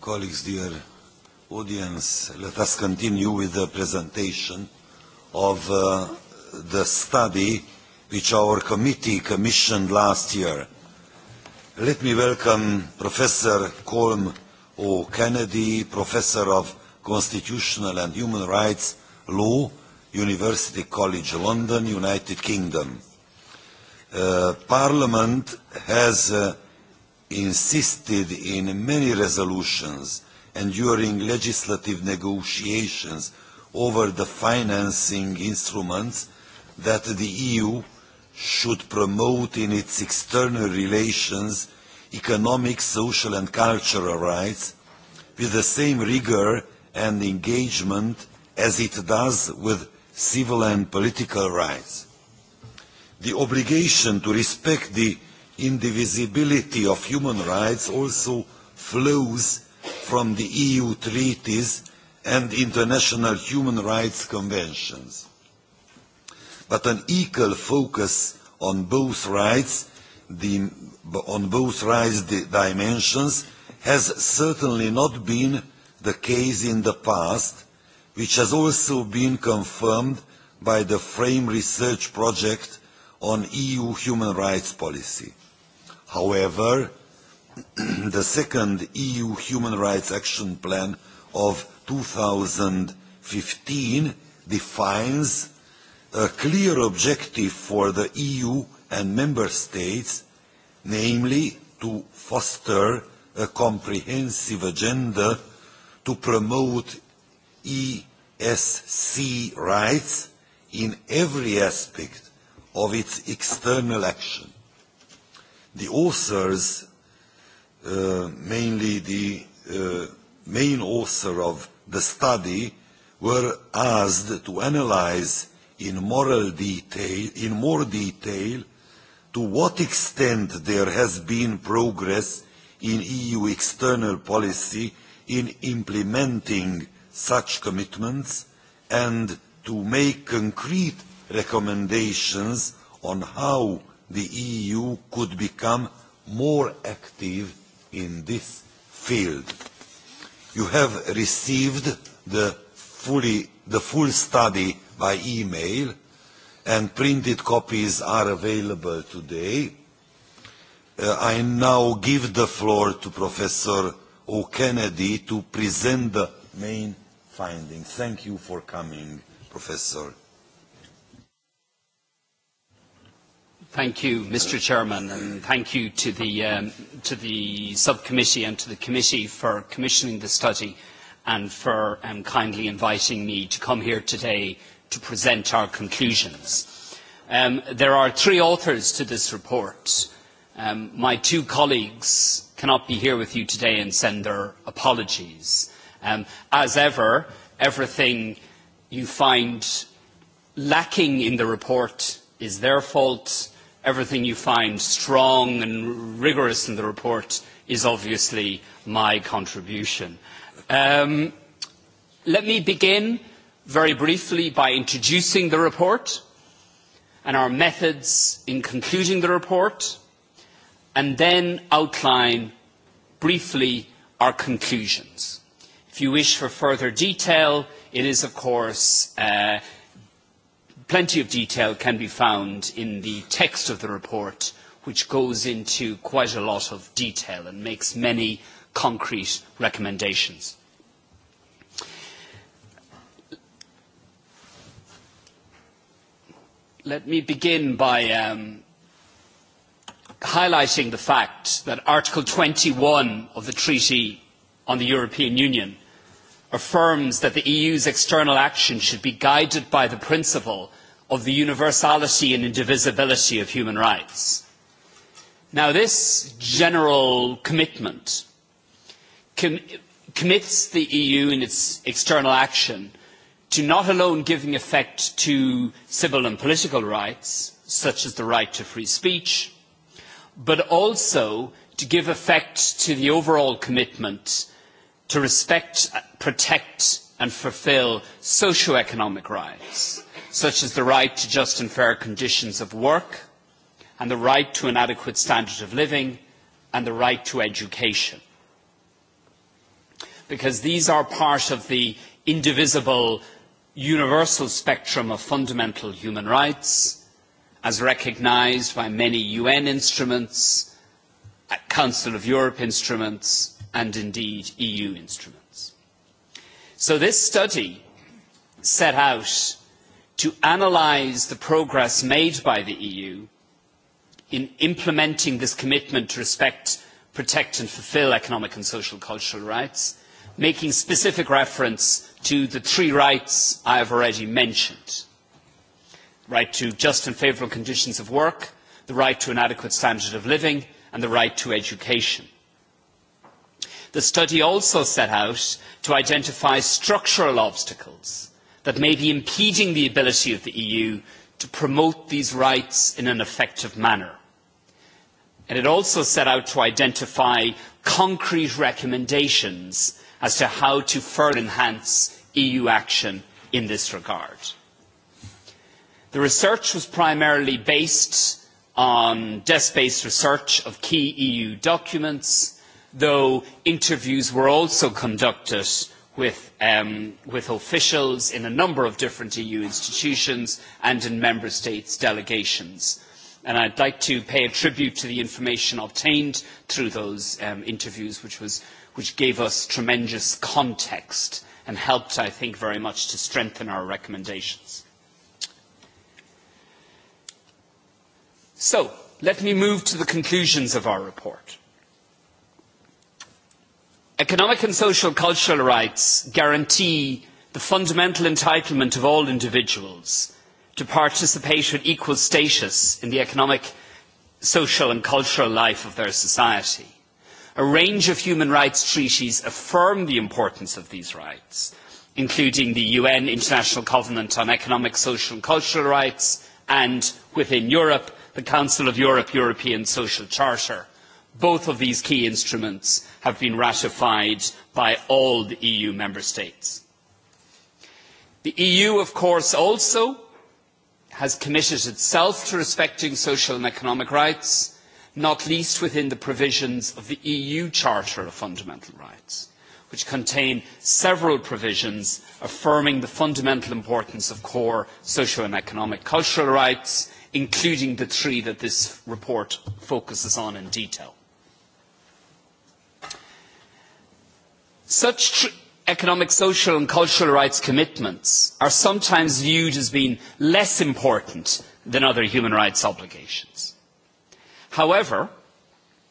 colleagues, dear audience, let us continue with the presentation of uh, the study which our committee commissioned last year. Let me welcome Professor Colm O'Kennedy, Professor of Constitutional and Human Rights Law, University College London, United Kingdom. Uh, Parliament has uh, insisted in many resolutions and during legislative negotiations over the financing instruments that the EU should promote in its external relations economic, social and cultural rights with the same rigour and engagement as it does with civil and political rights. The obligation to respect the indivisibility of human rights also flows from the EU treaties and international human rights conventions. But an equal focus on both rights, the, on both rights the dimensions, has certainly not been the case in the past, which has also been confirmed by the FRAME research project on EU human rights policy. However, the second EU Human Rights Action Plan of 2015 defines a clear objective for the EU and member states, namely to foster a comprehensive agenda to promote ESC rights in every aspect of its external action the authors, uh, mainly the uh, main author of the study, were asked to analyze in, moral detail, in more detail to what extent there has been progress in EU external policy in implementing such commitments and to make concrete recommendations on how the EU could become more active in this field. You have received the, fully, the full study by email and printed copies are available today. Uh, I now give the floor to Professor O'Kennedy to present the main findings. Thank you for coming, Professor. Thank you, Mr. Chairman, and thank you to the, um, to the subcommittee and to the committee for commissioning the study and for um, kindly inviting me to come here today to present our conclusions. Um, there are three authors to this report. Um, my two colleagues cannot be here with you today and send their apologies. Um, as ever, everything you find lacking in the report is their fault everything you find strong and rigorous in the report is obviously my contribution. Um, let me begin very briefly by introducing the report and our methods in concluding the report, and then outline briefly our conclusions. If you wish for further detail, it is, of course, uh, plenty of detail can be found in the text of the report, which goes into quite a lot of detail and makes many concrete recommendations. Let me begin by um, highlighting the fact that Article 21 of the Treaty on the European Union affirms that the EU's external action should be guided by the principle of the universality and indivisibility of human rights. Now, this general commitment com- commits the EU in its external action to not alone giving effect to civil and political rights, such as the right to free speech, but also to give effect to the overall commitment to respect, protect and fulfil socioeconomic rights such as the right to just and fair conditions of work and the right to an adequate standard of living and the right to education. Because these are part of the indivisible universal spectrum of fundamental human rights as recognised by many UN instruments, Council of Europe instruments and indeed EU instruments. So this study set out to analyse the progress made by the EU in implementing this commitment to respect, protect and fulfil economic and social cultural rights, making specific reference to the three rights I have already mentioned. Right to just and favourable conditions of work, the right to an adequate standard of living and the right to education. The study also set out to identify structural obstacles that may be impeding the ability of the EU to promote these rights in an effective manner. And it also set out to identify concrete recommendations as to how to further enhance EU action in this regard. The research was primarily based on desk-based research of key EU documents, though interviews were also conducted with, um, with officials in a number of different EU institutions and in Member States delegations. And I'd like to pay a tribute to the information obtained through those um, interviews, which, was, which gave us tremendous context and helped, I think, very much to strengthen our recommendations. So, let me move to the conclusions of our report. Economic and social cultural rights guarantee the fundamental entitlement of all individuals to participate with equal status in the economic, social and cultural life of their society. A range of human rights treaties affirm the importance of these rights, including the UN International Covenant on Economic, Social and Cultural Rights and, within Europe, the Council of Europe European Social Charter both of these key instruments have been ratified by all the EU member states. The EU, of course, also has committed itself to respecting social and economic rights, not least within the provisions of the EU Charter of Fundamental Rights, which contain several provisions affirming the fundamental importance of core social and economic cultural rights, including the three that this report focuses on in detail. Such economic, social and cultural rights commitments are sometimes viewed as being less important than other human rights obligations. However,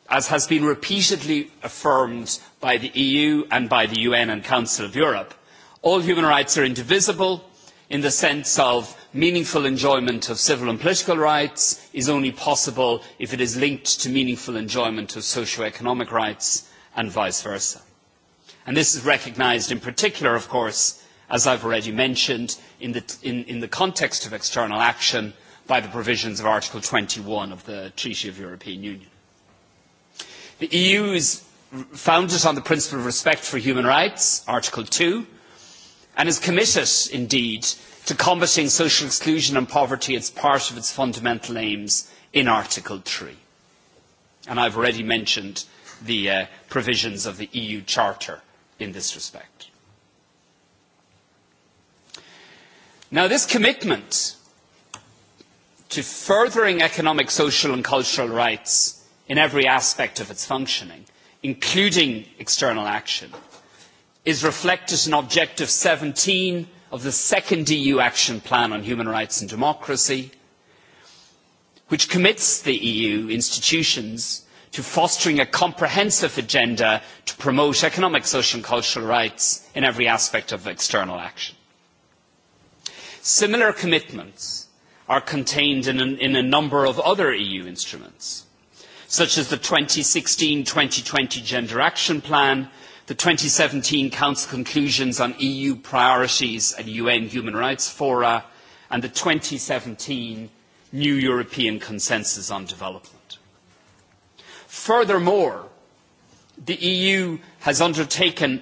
as has been repeatedly affirmed by the EU and by the UN and Council of Europe, all human rights are indivisible in the sense of meaningful enjoyment of civil and political rights is only possible if it is linked to meaningful enjoyment of socio-economic rights and vice versa. And this is recognised in particular, of course, as I've already mentioned, in the, in, in the context of external action by the provisions of Article 21 of the Treaty of European Union. The EU is founded on the principle of respect for human rights, Article 2, and is committed, indeed, to combating social exclusion and poverty as part of its fundamental aims in Article 3. And I've already mentioned the uh, provisions of the EU Charter in this respect. Now, this commitment to furthering economic, social and cultural rights in every aspect of its functioning, including external action, is reflected in Objective 17 of the second EU Action Plan on Human Rights and Democracy, which commits the EU institutions to fostering a comprehensive agenda to promote economic, social and cultural rights in every aspect of external action. Similar commitments are contained in, an, in a number of other EU instruments, such as the 2016-2020 Gender Action Plan, the 2017 Council conclusions on EU priorities and UN human rights fora, and the 2017 New European Consensus on Development. Furthermore, the EU has undertaken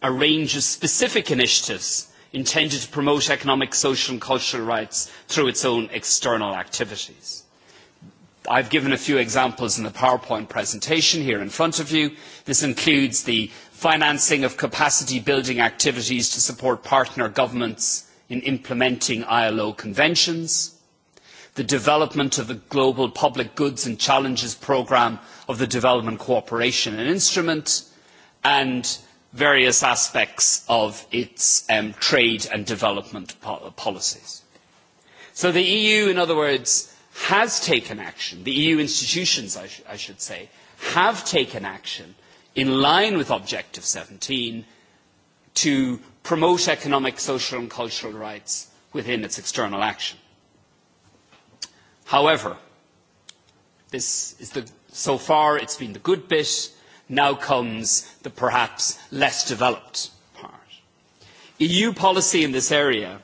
a range of specific initiatives intended to promote economic, social and cultural rights through its own external activities. I've given a few examples in the PowerPoint presentation here in front of you. This includes the financing of capacity building activities to support partner governments in implementing ILO conventions, the development of the Global Public Goods and Challenges Programme of the Development Cooperation and Instrument, and various aspects of its um, trade and development po policies. So the EU, in other words, has taken action. The EU institutions, I, sh I should say, have taken action in line with Objective 17 to promote economic, social and cultural rights within its external action. However, this is the, so far it's been the good bit, now comes the perhaps less developed part. EU policy in this area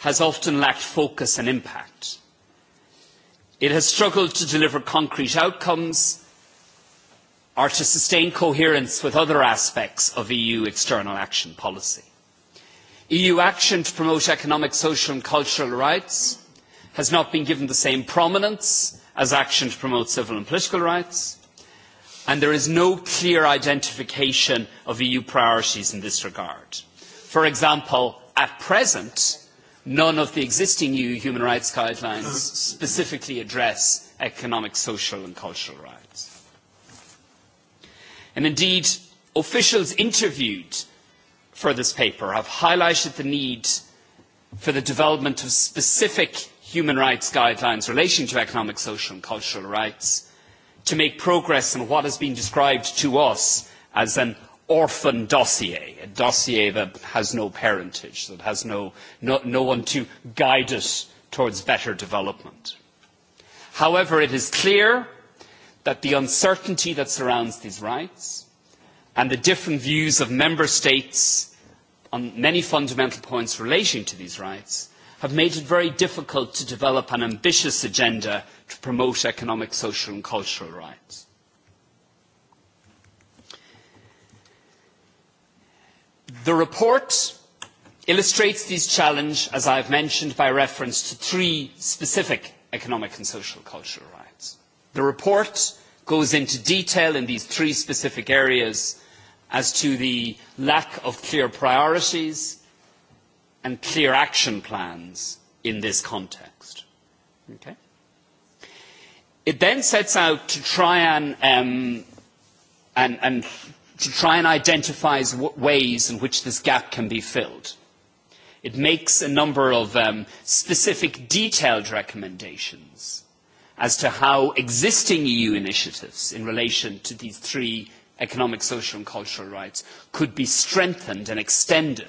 has often lacked focus and impact. It has struggled to deliver concrete outcomes or to sustain coherence with other aspects of EU external action policy. EU action to promote economic, social and cultural rights has not been given the same prominence as action to promote civil and political rights, and there is no clear identification of EU priorities in this regard. For example, at present, none of the existing EU human rights guidelines specifically address economic, social and cultural rights. And indeed, officials interviewed for this paper have highlighted the need for the development of specific human rights guidelines relation to economic, social and cultural rights to make progress on what has been described to us as an orphan dossier, a dossier that has no parentage, that has no, no, no one to guide it towards better development. However, it is clear that the uncertainty that surrounds these rights and the different views of member states on many fundamental points relating to these rights have made it very difficult to develop an ambitious agenda to promote economic, social and cultural rights. The report illustrates these challenges, as I have mentioned, by reference to three specific economic and social cultural rights. The report goes into detail in these three specific areas as to the lack of clear priorities, and clear action plans in this context. Okay? It then sets out to try and, um, and, and to try and identify ways in which this gap can be filled. It makes a number of um, specific detailed recommendations as to how existing EU initiatives in relation to these three economic, social and cultural rights could be strengthened and extended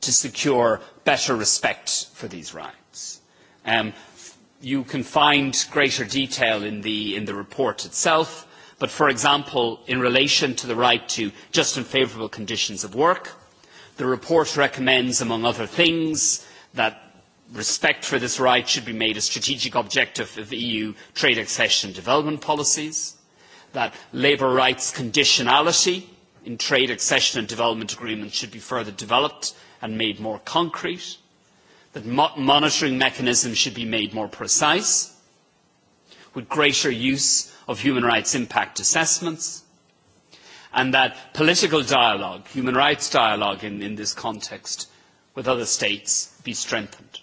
to secure better respect for these rights. Um, you can find greater detail in the, in the report itself, but for example, in relation to the right to just and favourable conditions of work, the report recommends, among other things, that respect for this right should be made a strategic objective of EU trade accession development policies, that labour rights conditionality in trade accession and development agreements should be further developed and made more concrete, that mo- monitoring mechanisms should be made more precise, with greater use of human rights impact assessments, and that political dialogue, human rights dialogue in, in this context with other states be strengthened.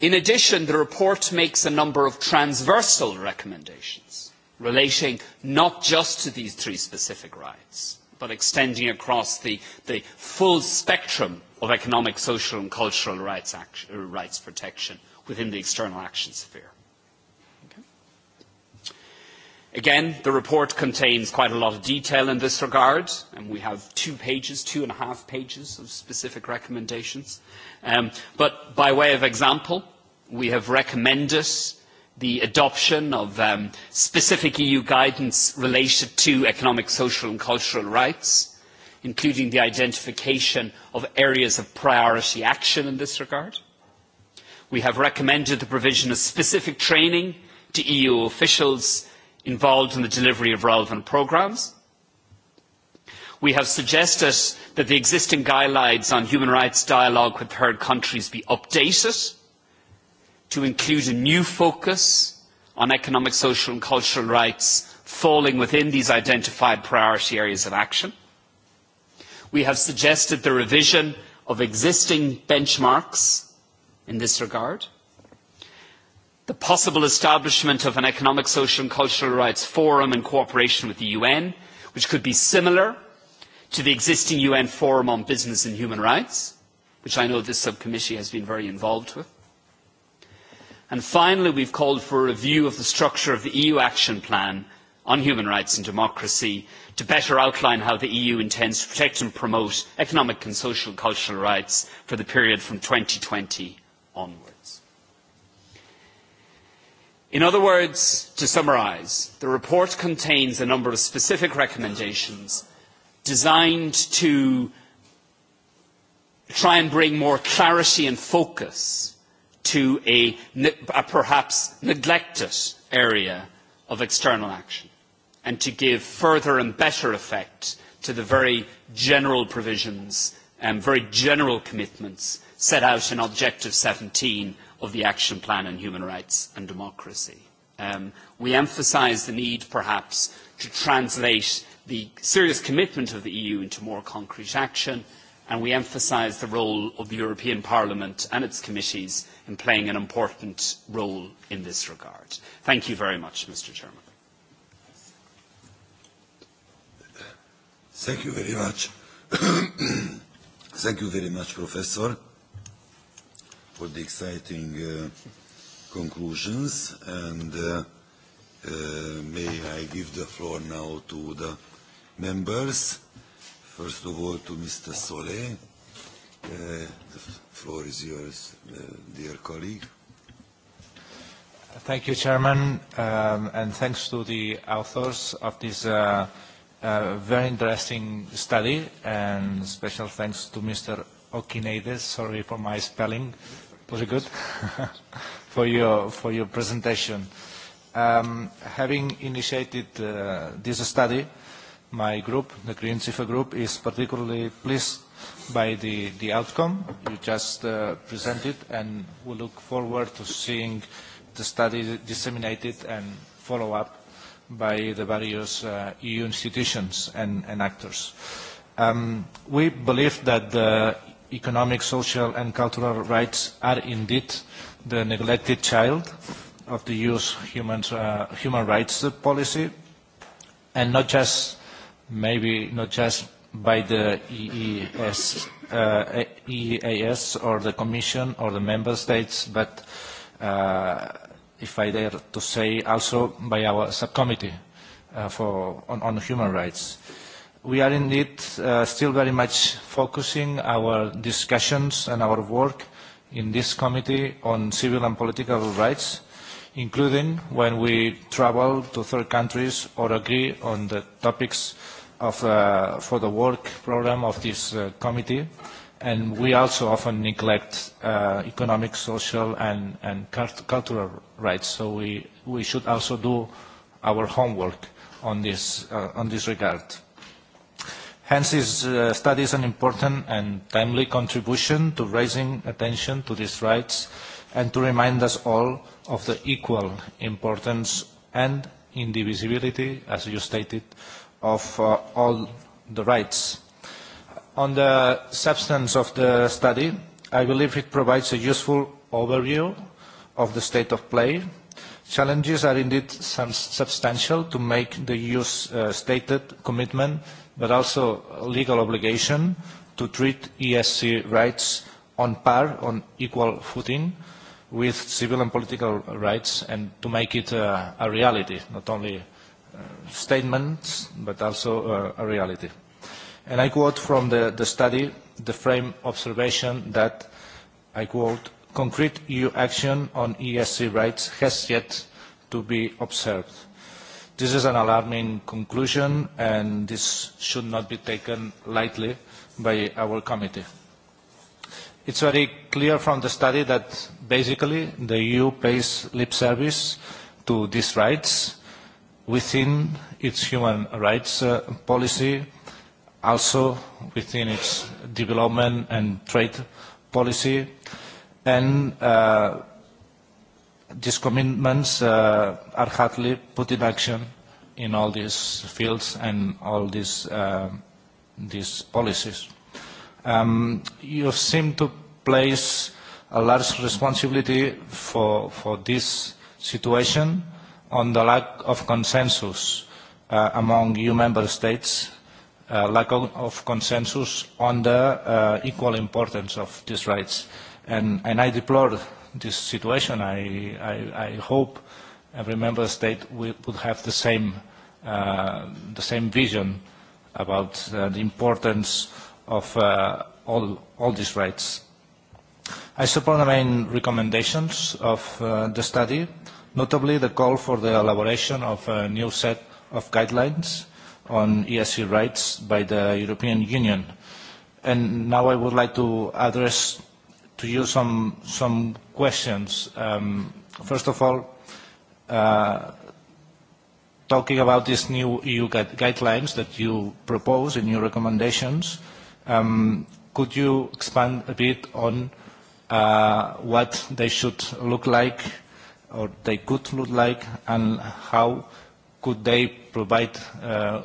In addition, the report makes a number of transversal recommendations relating not just to these three specific rights, but extending across the, the full spectrum of economic, social and cultural rights, action, uh, rights protection within the external action sphere. Okay. Again, the report contains quite a lot of detail in this regard, and we have two pages, two and a half pages of specific recommendations. Um, but by way of example, we have recommended uh, the adoption of um, specific EU guidance related to economic, social and cultural rights, including the identification of areas of priority action in this regard. We have recommended the provision of specific training to EU officials involved in the delivery of relevant programmes. We have suggested that the existing guidelines on human rights dialogue with third countries be updated to include a new focus on economic, social and cultural rights falling within these identified priority areas of action. We have suggested the revision of existing benchmarks in this regard, the possible establishment of an economic, social and cultural rights forum in cooperation with the UN, which could be similar to the existing UN forum on business and human rights, which I know this subcommittee has been very involved with, And finally, we've called for a review of the structure of the EU Action Plan on Human Rights and Democracy to better outline how the EU intends to protect and promote economic and social and cultural rights for the period from 2020 onwards. In other words, to summarise, the report contains a number of specific recommendations designed to try and bring more clarity and focus to a, a perhaps neglected area of external action and to give further and better effect to the very general provisions and very general commitments set out in Objective 17 of the Action Plan on Human Rights and Democracy. Um, we emphasise the need, perhaps, to translate the serious commitment of the EU into more concrete action and we emphasise the role of the European Parliament and its committees in playing an important role in this regard. Thank you very much, Mr Chairman. Thank you very much. Thank you very much, Professor, for the exciting uh, conclusions. And uh, uh, may I give the floor now to the members. First of all, to Mr. Solé. Uh, the floor is yours, uh, dear colleague. Thank you, Chairman, um, and thanks to the authors of this uh, uh, very interesting study, and special thanks to Mr. Okinides, sorry for my spelling, was it good? for, your, for your presentation. Um, having initiated uh, this study, uh, my group, the Green CIFA group, is particularly pleased by the, the outcome you just uh, presented, and we look forward to seeing the study disseminated and follow up by the various uh, EU institutions and, and actors. Um, we believe that the economic, social and cultural rights are indeed the neglected child of the EU's human, uh, human rights policy, and not just maybe not just by the EES, uh, EEAS or the Commission or the Member States, but uh, if I dare to say also by our subcommittee uh, for, on, on human rights. We are indeed uh, still very much focusing our discussions and our work in this committee on civil and political rights, including when we travel to third countries or agree on the topics uh, of, uh, for the work program of this uh, committee, and we also often neglect uh, economic, social, and, and cult cultural rights. So we, we should also do our homework on this, uh, on this regard. Hence, this uh, study is an important and timely contribution to raising attention to these rights and to remind us all of the equal importance and indivisibility, as you stated, of uh, all the rights. On the substance of the study, I believe it provides a useful overview of the state of play. Challenges are indeed some substantial to make the EU's uh, stated commitment, but also legal obligation to treat ESC rights on par, on equal footing with civil and political rights, and to make it uh, a reality, not only statement, but also uh, a reality. And I quote from the, the study, the frame observation that, I quote, concrete EU action on ESG rights has yet to be observed. This is an alarming conclusion, and this should not be taken lightly by our committee. It's very clear from the study that basically the EU pays lip service to these rights, within its human rights uh, policy, also within its development and trade policy, and uh, these commitments uh, are hardly put in action in all these fields and all these, uh, these policies. Um, you seem to place a large responsibility for, for this situation on the lack of consensus uh, among EU member states, uh, lack of, of consensus on the uh, equal importance of these rights. And, and I deplore this situation. I, I, I hope every member state will, would have the same, uh, the same vision about uh, the importance of uh, all, all these rights. I support the main recommendations of uh, the study notably the call for the elaboration of a new set of guidelines on ESG rights by the European Union. And now I would like to address to you some, some questions. Um, first of all, uh, talking about these new EU guidelines that you propose in your recommendations, um, could you expand a bit on uh, what they should look like or they could look like, and how could they provide uh,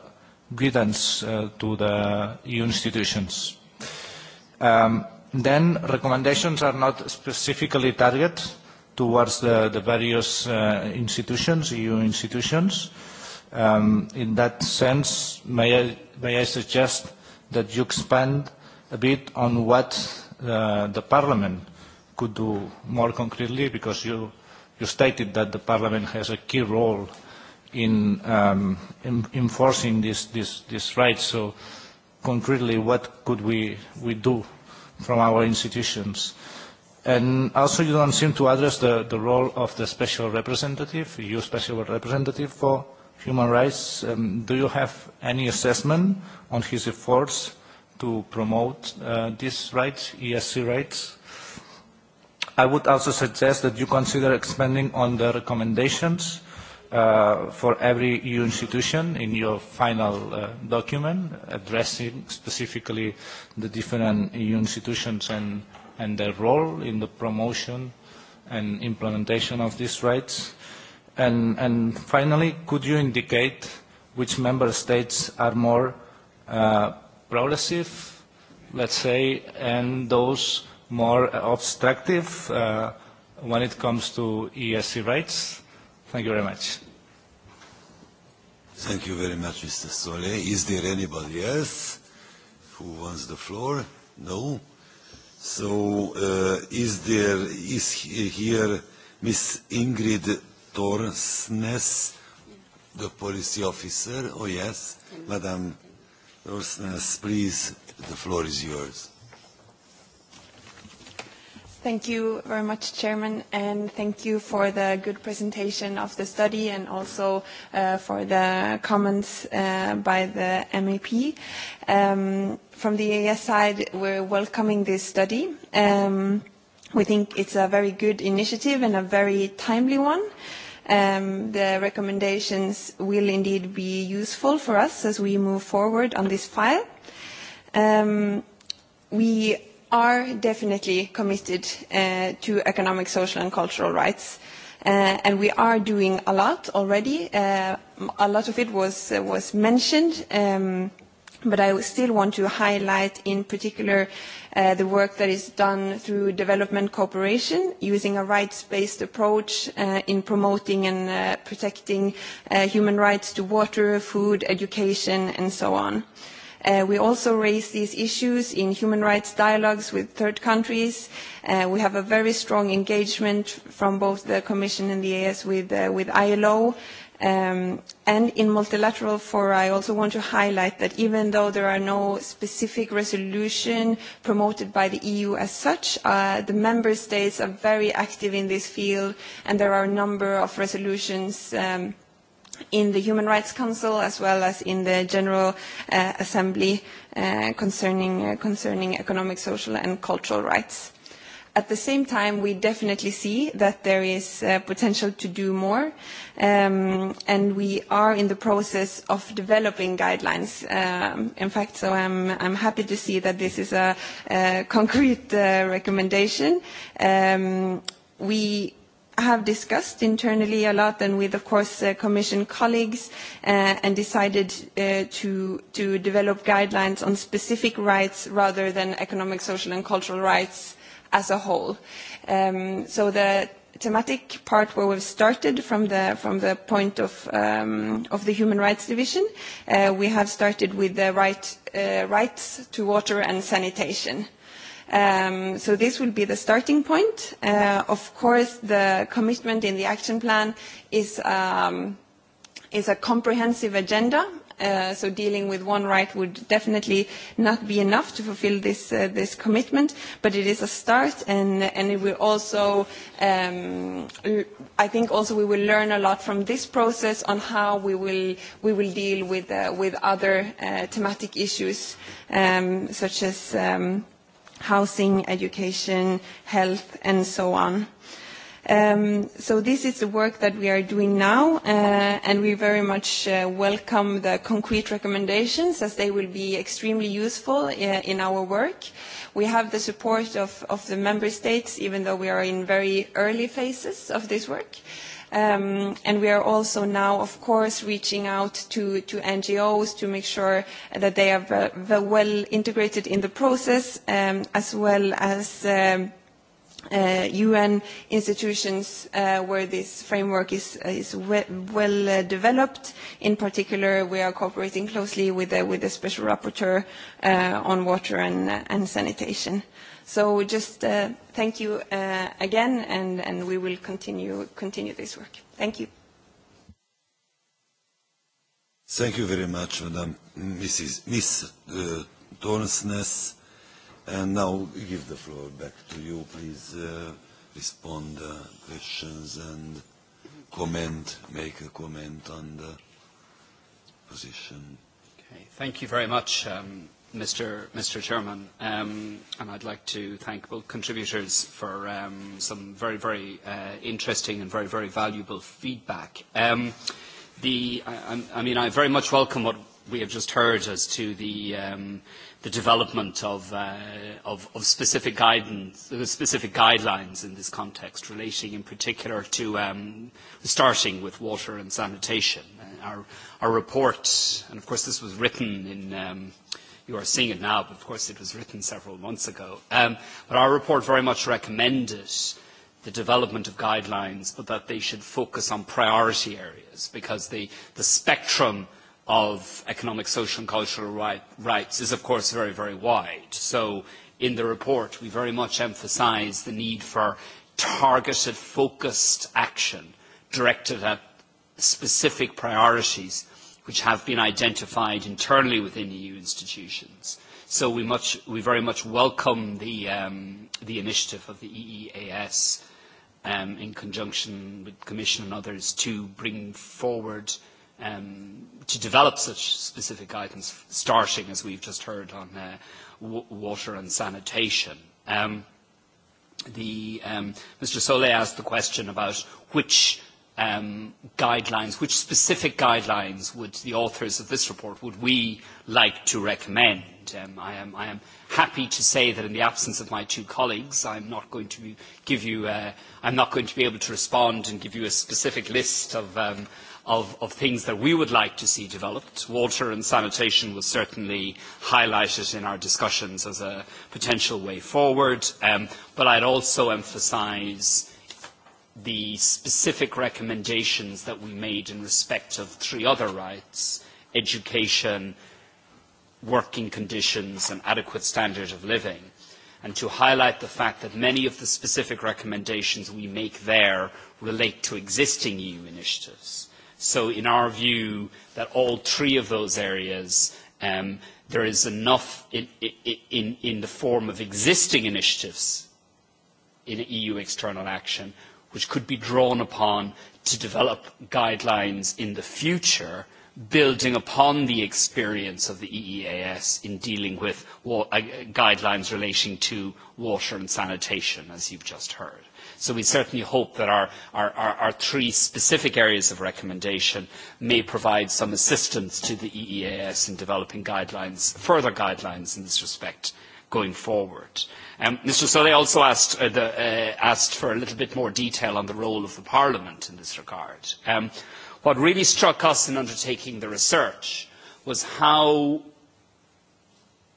guidance uh, to the EU institutions. Um, then recommendations are not specifically targeted towards the, the various uh, institutions, EU institutions. Um, in that sense, may I, may I suggest that you expand a bit on what uh, the Parliament could do more concretely, because you you stated that the Parliament has a key role in, um, in enforcing this, this, this right. So concretely, what could we, we do from our institutions? And also you don't seem to address the, the role of the special representative, EU special representative for human rights. Um, do you have any assessment on his efforts to promote uh, these rights, ESC rights? I would also suggest that you consider expanding on the recommendations uh, for every EU institution in your final uh, document, addressing specifically the different EU institutions and, and their role in the promotion and implementation of these rights. And, and finally, could you indicate which member states are more uh, progressive, let's say, and those more uh, obstructive uh, when it comes to ESC rights? Thank you very much. Thank you very much, Mr. Solé. Is there anybody else who wants the floor? No. So uh, is there is here Miss Ingrid Torsnes, the policy officer? Oh yes, Madam Torsnes, please, the floor is yours. Thank you very much, Chairman, and thank you for the good presentation of the study and also uh, for the comments uh, by the MEP. Um, from the EAS side, we're welcoming this study. Um, we think it's a very good initiative and a very timely one. Um, the recommendations will indeed be useful for us as we move forward on this file. Um, we are definitely committed uh, to economic, social and cultural rights. Uh, and we are doing a lot already. Uh, a lot of it was, uh, was mentioned, um, but I still want to highlight in particular uh, the work that is done through development cooperation, using a rights-based approach uh, in promoting and uh, protecting uh, human rights to water, food, education, and so on. Uh, Uh, we also raise these issues in human rights dialogues with third countries. Uh, we have a very strong engagement from both the Commission and the AS with, uh, with ILO. Um, and in multilateral fora, I also want to highlight that even though there are no specific resolution promoted by the EU as such, uh, the member states are very active in this field, and there are a number of resolutions um, – in the Human Rights Council as well as in the General uh, Assembly uh, concerning, uh, concerning economic, social and cultural rights. At the same time, we definitely see that there is uh, potential to do more, um, and we are in the process of developing guidelines. Um, in fact, so I'm, I'm happy to see that this is a, a concrete uh, recommendation. Um, we have discussed internally a lot and with, of course, uh, Commission colleagues uh, and decided uh, to, to develop guidelines on specific rights rather than economic, social and cultural rights as a whole. Um, so the thematic part where we've started from the from the point of um, of the human rights division uh, we have started with the right uh, rights to water and sanitation uh, Um, so this will be the starting point. Uh, of course, the commitment in the action plan is, um, is a comprehensive agenda. Uh, so dealing with one right would definitely not be enough to fulfill this, uh, this commitment, but it is a start and, and it will also, um, I think also we will learn a lot from this process on how we will, we will deal with, uh, with other uh, thematic issues um, such as um, housing, education, health, and so on. Um, so this is the work that we are doing now, uh, and we very much uh, welcome the concrete recommendations as they will be extremely useful uh, in our work. We have the support of, of the member states, even though we are in very early phases of this work. Uh, Um, and we are also now, of course, reaching out to, to NGOs to make sure that they are very, very well integrated in the process, um, as well as um, uh, UN institutions uh, where this framework is, is we well uh, developed. In particular, we are cooperating closely with the, with the Special Rapporteur uh, on water and, and sanitation. So just uh, thank you uh, again, and, and we will continue, continue this work. Thank you. Thank you very much, Madam Mrs. Miss uh, Tornsness. And now we give the floor back to you. Please uh, respond uh, questions and comment, make a comment on the position. Okay. Thank you very much, um, Mr. Mr. Chairman, um, and I'd like to thank both contributors for um, some very, very uh, interesting and very, very valuable feedback. Um, the, I, I mean, I very much welcome what we have just heard as to the, um, the development of, uh, of, of specific guidance, uh, specific guidelines in this context, relating in particular to um, starting with water and sanitation. Uh, our, our report, and of course this was written in. Um, uh, you are seeing it now, but of course it was written several months ago. Um, but our report very much recommended the development of guidelines, but that they should focus on priority areas because the, the spectrum of economic, social and cultural right, rights is of course very, very wide. So in the report we very much emphasise the need for targeted, focused action directed at specific priorities which have been identified internally within EU e institutions. So we, much, we very much welcome the, um, the initiative of the EEAS um, in conjunction with Commission and others to bring forward, um, to develop such specific guidance, starting, as we've just heard, on uh, w water and sanitation. Um, the, um, Mr. Soleil asked the question about which um, guidelines, which specific guidelines would the authors of this report, would we like to recommend? Um, I, am, I am happy to say that in the absence of my two colleagues, I'm not going to give you, uh, I'm not going to be able to respond and give you a specific list of, um, of, of things that we would like to see developed. Water and sanitation was certainly highlighted in our discussions as a potential way forward, um, but I'd also emphasize the specific recommendations that we made in respect of three other rights, education, working conditions and adequate standard of living, and to highlight the fact that many of the specific recommendations we make there relate to existing EU initiatives. So in our view, that all three of those areas, um, there is enough in, in, in the form of existing initiatives in EU external action which could be drawn upon to develop guidelines in the future building upon the experience of the EEAS in dealing with wa- uh, guidelines relating to water and sanitation, as you've just heard. So we certainly hope that our, our, our, our three specific areas of recommendation may provide some assistance to the EEAS in developing guidelines, further guidelines in this respect going forward. Um, Mr Soleil also asked, uh, the, uh, asked for a little bit more detail on the role of the Parliament in this regard. Um, what really struck us in undertaking the research was how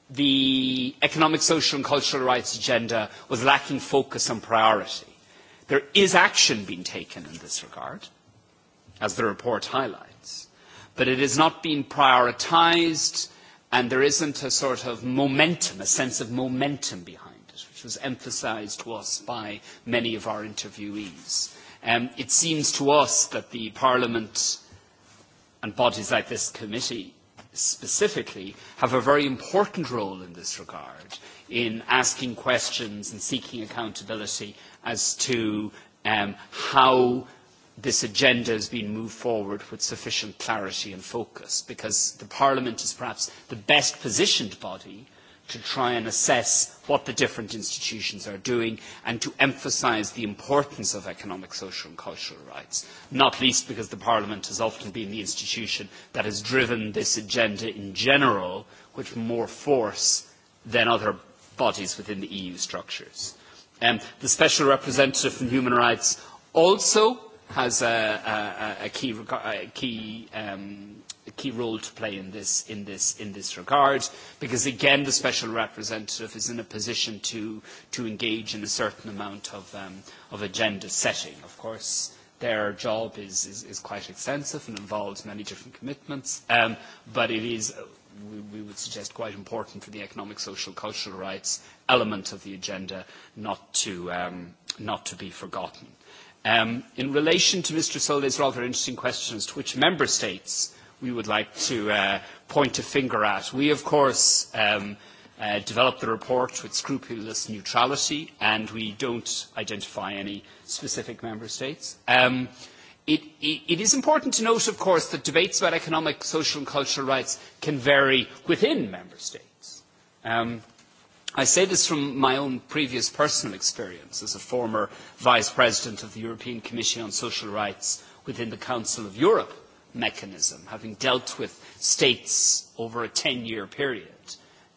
the economic, social and cultural rights agenda was lacking focus and priority. There is action being taken in this regard, as the report highlights, but it is not being prioritised and there isn't a sort of momentum, a sense of momentum behind it, which was emphasized to us by many of our interviewees. Um, it seems to us that the Parliament and bodies like this committee specifically have a very important role in this regard in asking questions and seeking accountability as to um, how this agenda has been moved forward with sufficient clarity and focus because the Parliament is perhaps the best positioned body to try and assess what the different institutions are doing and to emphasise the importance of economic, social and cultural rights, not least because the Parliament has often been the institution that has driven this agenda in general with more force than other bodies within the EU structures. Um, the Special Representative on Human Rights also has a, a, a key, a key, um, a key role to play in this, in, this, in this regard, because again, the special representative is in a position to, to engage in a certain amount of, um, of agenda setting. Of course, their job is, is, is quite extensive and involves many different commitments, um, but it is, uh, we, we would suggest, quite important for the economic, social, cultural rights element of the agenda not to, um, not to be forgotten. Um, in relation to Mr. Solde's rather interesting question as to which member states we would like to uh, point a finger at, we of course um, uh, developed the report with scrupulous neutrality and we don't identify any specific member states. Um, it, it, it is important to note, of course, that debates about economic, social and cultural rights can vary within member states. Um, I say this from my own previous personal experience as a former Vice President of the European Commission on Social Rights within the Council of Europe mechanism, having dealt with states over a 10-year period.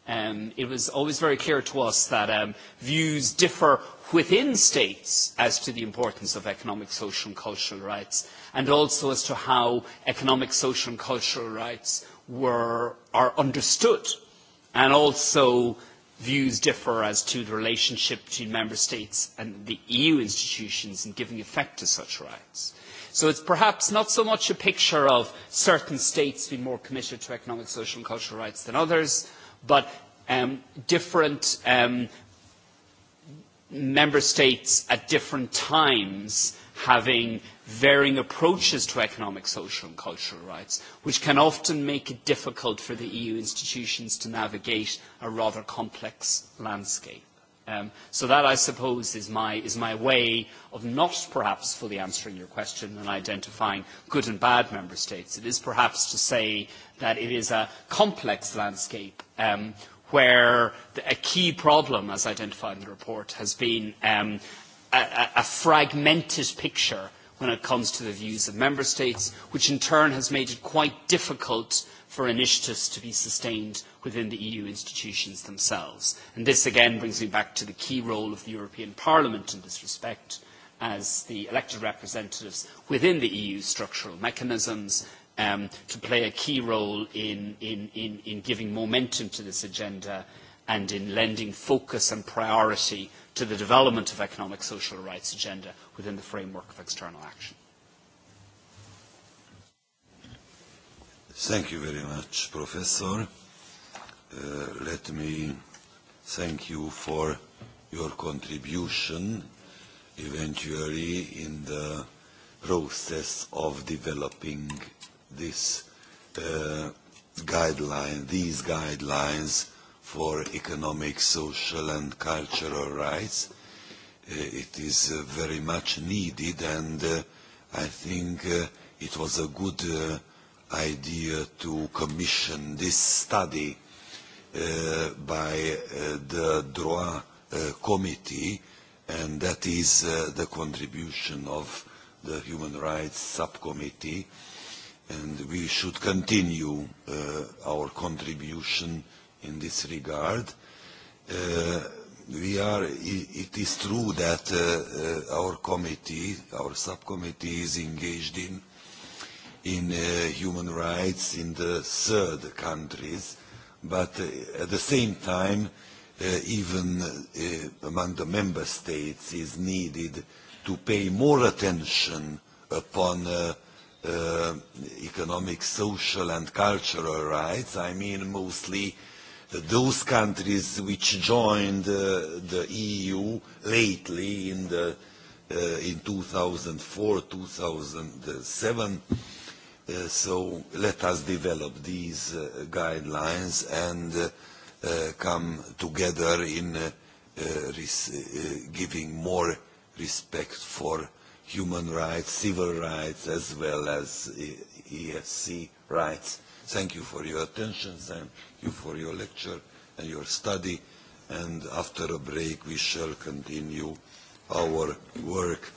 Um, it was always very clear to us that um, views differ within states as to the importance of economic, social and cultural rights, and also as to how economic, social and cultural rights were, are understood, and also views differ as to the relationship between member states and the EU institutions in giving effect to such rights. So it's perhaps not so much a picture of certain states being more committed to economic, social and cultural rights than others, but um, different um, member states at different times having varying approaches to economic, social and cultural rights, which can often make it difficult for the EU institutions to navigate a rather complex landscape. Um, so that, I suppose, is my, is my way of not perhaps fully answering your question and identifying good and bad member states. It is perhaps to say that it is a complex landscape um, where the, a key problem, as identified in the report, has been um, a, a fragmented picture when it comes to the views of member states, which in turn has made it quite difficult for initiatives to be sustained within the EU institutions themselves. And this again brings me back to the key role of the European Parliament in this respect as the elected representatives within the EU structural mechanisms um, to play a key role in, in, in, in giving momentum to this agenda and in lending focus and priority to the development of economic social rights agenda within the framework of external action. Thank you very much, Professor. Uh, let me thank you for your contribution eventually in the process of developing this uh, guideline, these guidelines for economic, social and cultural rights. Uh, it is uh, very much needed and uh, I think uh, it was a good uh, idea to commission this study uh, by uh, the DROA uh, committee and that is uh, the contribution of the Human Rights Subcommittee and we should continue uh, our contribution uh, in this regard. Uh, we are, it is true that uh, uh, our committee, our subcommittee is engaged in, in uh, human rights in the third countries, but uh, at the same time, uh, even uh, among the member states is needed to pay more attention upon uh, uh, economic, social and cultural rights. I mean mostly uh, those countries which joined uh, the EU lately in, the, uh, in 2004, 2007. Uh, so let us develop these uh, guidelines and uh, uh, come together in uh, uh, res uh, giving more respect for human rights, civil rights, as well as uh, EFC rights. Thank you for your attention. Thank you for your lecture and your study. And after a break, we shall continue our work.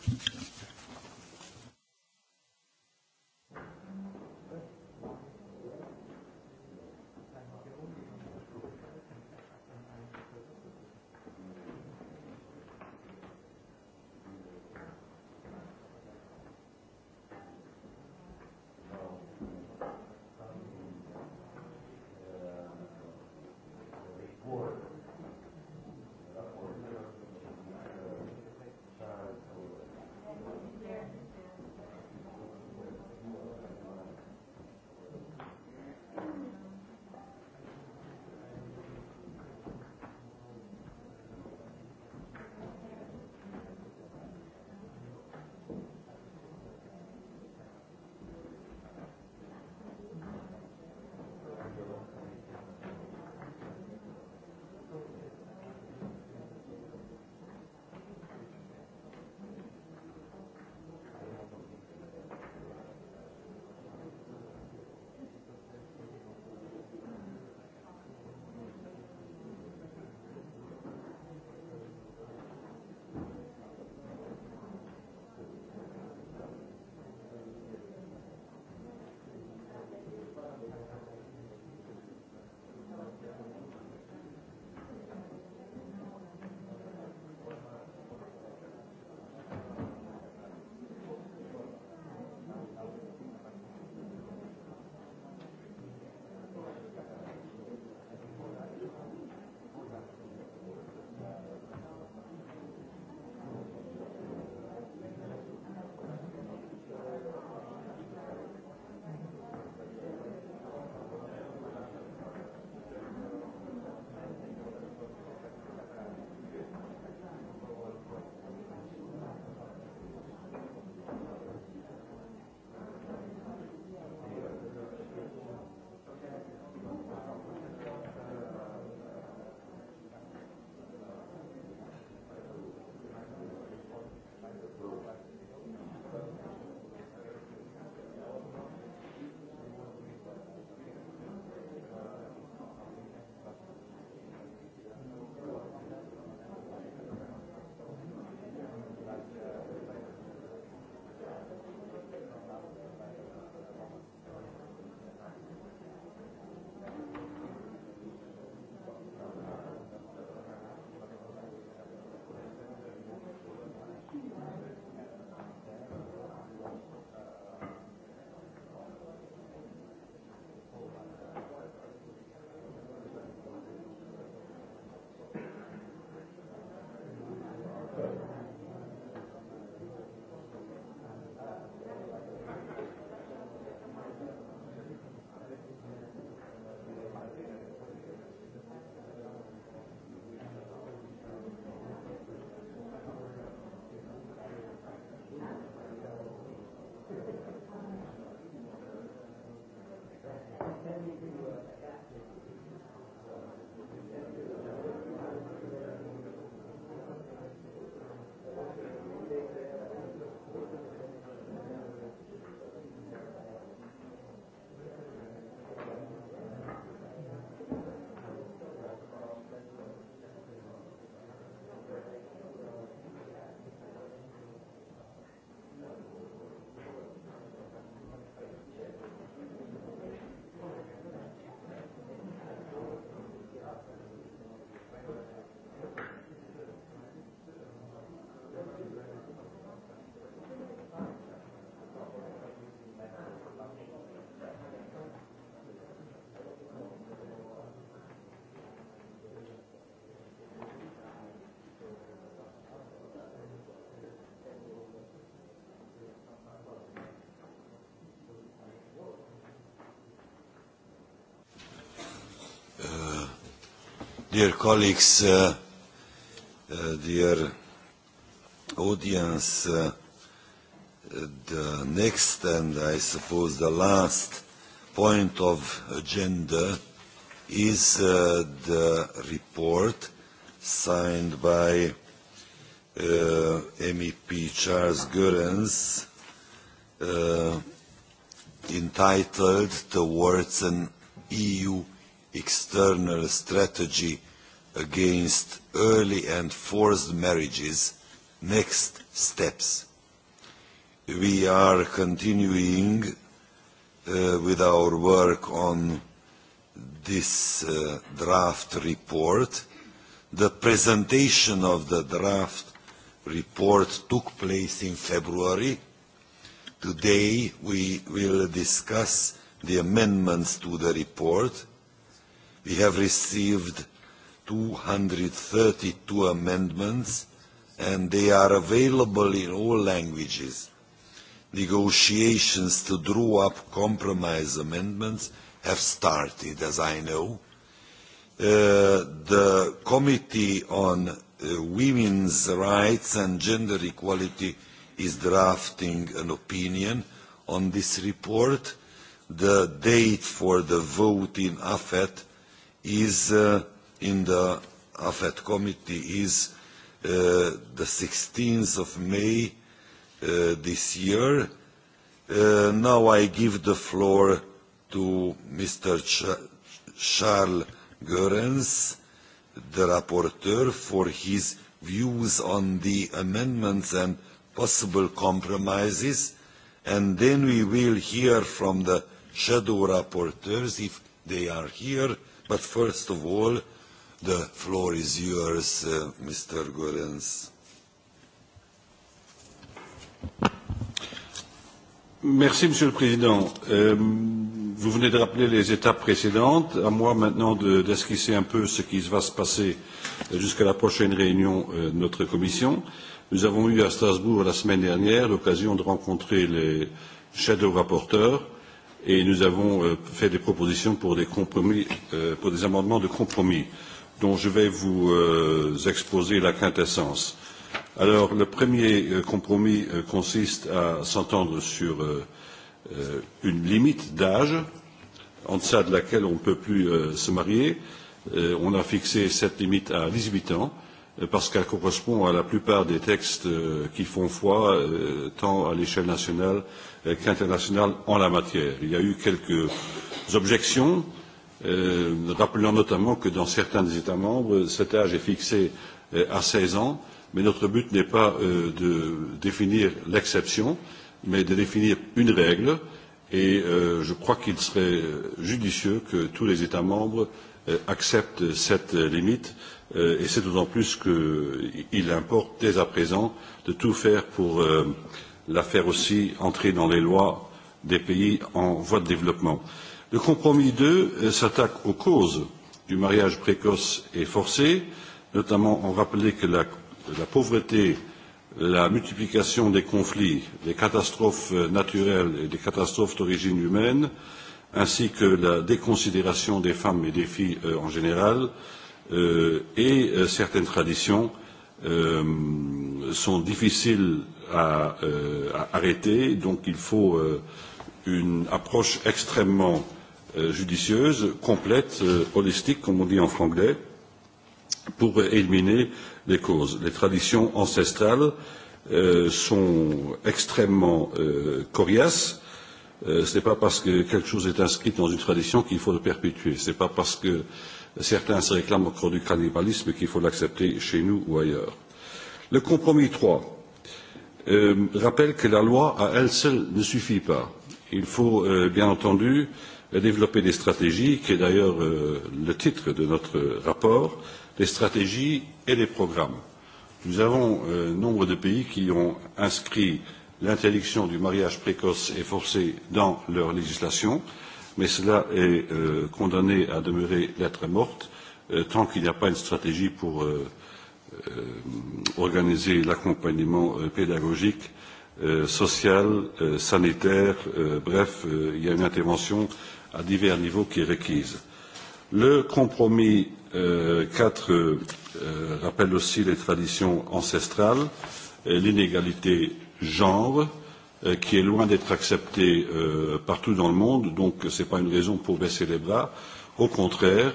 Dear colleagues, uh, uh, dear audience, uh, the next and I suppose the last point of agenda is uh, the report signed by uh, MEP Charles Goerens uh, entitled Towards an EU external strategy against early and forced marriages next steps. We are continuing uh, with our work on this uh, draft report. The presentation of the draft report took place in February. Today we will discuss the amendments to the report We have received 232 amendments and they are available in all languages. Negotiations to draw up compromise amendments have started, as I know. Uh, the Committee on uh, Women's Rights and Gender Equality is drafting an opinion on this report. The date for the vote in AFET is uh, in the AFET committee is uh, the 16th of May uh, this year. Uh, now I give the floor to Mr. Ch Charles Goerens, the rapporteur, for his views on the amendments and possible compromises, and then we will hear from the shadow rapporteurs, if they are here, But first of all, the floor is yours, uh, Mr. Goerens. Merci, Monsieur le Président. Euh, vous venez de rappeler les étapes précédentes. À moi maintenant d'esquisser de, un peu ce qui va se passer jusqu'à la prochaine réunion euh, de notre commission. Nous avons eu à Strasbourg la semaine dernière l'occasion de rencontrer les shadow rapporteurs. Euh, et nous avons euh, fait des propositions pour des compromis, euh, pour des amendements de compromis, dont je vais vous euh, exposer la quintessence. Alors, le premier euh, compromis euh, consiste à s'entendre sur euh, euh, une limite d'âge en deçà de laquelle on ne peut plus euh, se marier. Euh, on a fixé cette limite à 18 ans. Euh, Euh, parce qu'elle correspond à la plupart des textes euh, qui font foi, euh, tant à l'échelle nationale qu'internationale en la matière. Il y a eu quelques objections, rappelant notamment que dans certains des États membres, cet âge est fixé à 16 ans, mais notre but n'est pas de définir l'exception, mais de définir une règle, et je crois qu'il serait judicieux que tous les États membres acceptent cette limite euh, et c'est d'autant plus qu'il importe dès à présent de tout faire pour euh, la faire aussi entrer dans les lois des pays en voie de développement. Le compromis 2 euh, s'attaque aux causes du mariage précoce et forcé, notamment on rappelait que la, la pauvreté, la multiplication des conflits, des catastrophes euh, naturelles et des catastrophes d'origine humaine, ainsi que la déconsidération des femmes et des filles euh, en général, euh, euh, et euh, certaines traditions euh, sont difficiles à, euh, à arrêter, donc il faut euh, une approche extrêmement euh, judicieuse, complète, euh, holistique, comme on dit en franglais, pour éliminer les causes. Les traditions ancestrales euh, sont extrêmement euh, coriaces, euh, ce n'est pas parce que quelque chose est inscrit dans une tradition qu'il faut le perpétuer. Ce n'est pas parce que Certains se réclament encore du cannibalisme qu'il faut l'accepter chez nous ou ailleurs. Le compromis 3 euh, rappelle que la loi à elle seule ne suffit pas. Il faut euh, bien entendu développer des stratégies, qui est d'ailleurs euh, le titre de notre rapport, les stratégies et les programmes. Nous avons euh, nombre de pays qui ont inscrit l'interdiction du mariage précoce et forcé dans leur législation. Euh, mais cela est euh, condamné à demeurer lettre morte euh, tant qu'il n'y a pas une stratégie pour euh, euh, organiser l'accompagnement euh, pédagogique, euh, social, euh, sanitaire, euh, bref, euh, il y a une intervention à divers niveaux qui est requise. Le compromis euh, 4 euh, rappelle aussi les traditions ancestrales, euh, l'inégalité genre, euh, qui est loin d'être acceptée euh, partout dans le monde, donc ce n'est pas une raison pour baisser les bras. Au contraire,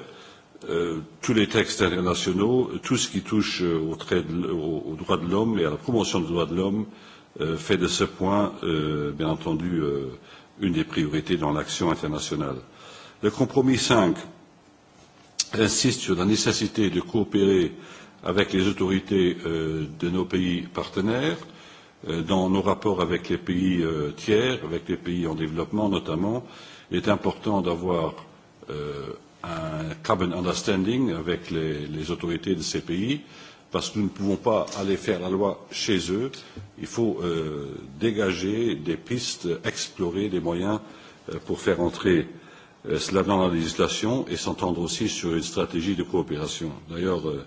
euh, tous les textes internationaux, tout ce qui touche euh, aux, traits de, aux, aux droits de l'homme et à la promotion des droits de l'homme euh, fait de ce point, euh, bien entendu, euh, une des priorités dans l'action internationale. Le compromis 5 insiste sur la nécessité de coopérer avec les autorités euh, de nos pays partenaires Euh, dans nos rapports avec les pays euh, tiers, avec les pays en développement notamment, il est important d'avoir euh, un common understanding avec les, les autorités de ces pays, parce que nous ne pouvons pas aller faire la loi chez eux. Il faut euh, dégager des pistes, explorer des moyens euh, pour faire entrer euh, cela dans la législation et s'entendre aussi sur une stratégie de coopération. D'ailleurs, euh,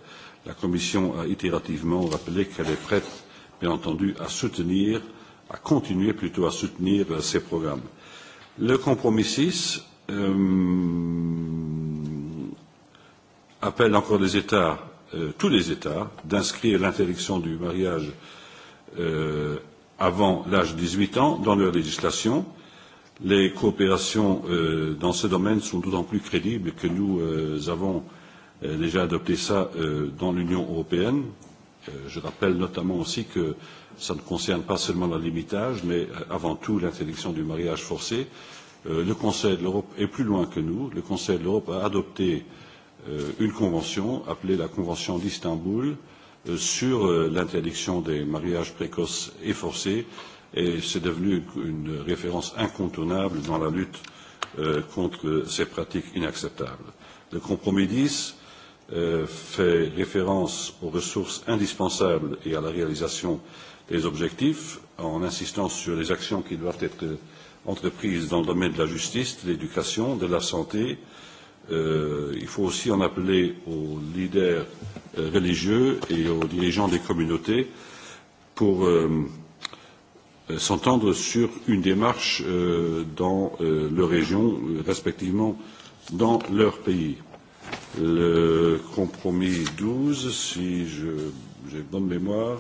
la Commission a itérativement rappelé qu'elle est prête bien entendu, à soutenir, à continuer plutôt à soutenir euh, ces programmes. Le compromis 6 euh, appelle encore les États, euh, tous les États, d'inscrire l'interdiction du mariage euh, avant l'âge de 18 ans dans leur législation. Les coopérations euh, dans ce domaine sont d'autant plus crédibles que nous euh, avons euh, déjà adopté ça euh, dans l'Union européenne Euh, je rappelle notamment aussi que ça ne concerne pas seulement le limitage, mais euh, avant tout l'interdiction du mariage forcé. Euh, le Conseil de l'Europe est plus loin que nous. Le Conseil de l'Europe a adopté une convention appelée la Convention d'Istanbul sur l'interdiction des mariages précoces et forcés et c'est devenu une référence incontournable dans la lutte contre ces pratiques inacceptables. Le compromis 10 euh, fait référence aux ressources indispensables et à la réalisation des objectifs, en insistant sur les actions qui doivent être entreprises dans le domaine de la justice, de l'éducation, de la santé. Euh, il faut aussi en appeler aux leaders euh, religieux et aux dirigeants des communautés pour euh, euh s'entendre sur une démarche euh, dans euh, leur région, euh, respectivement dans leur pays. Le compromis 12, si j'ai bonne mémoire,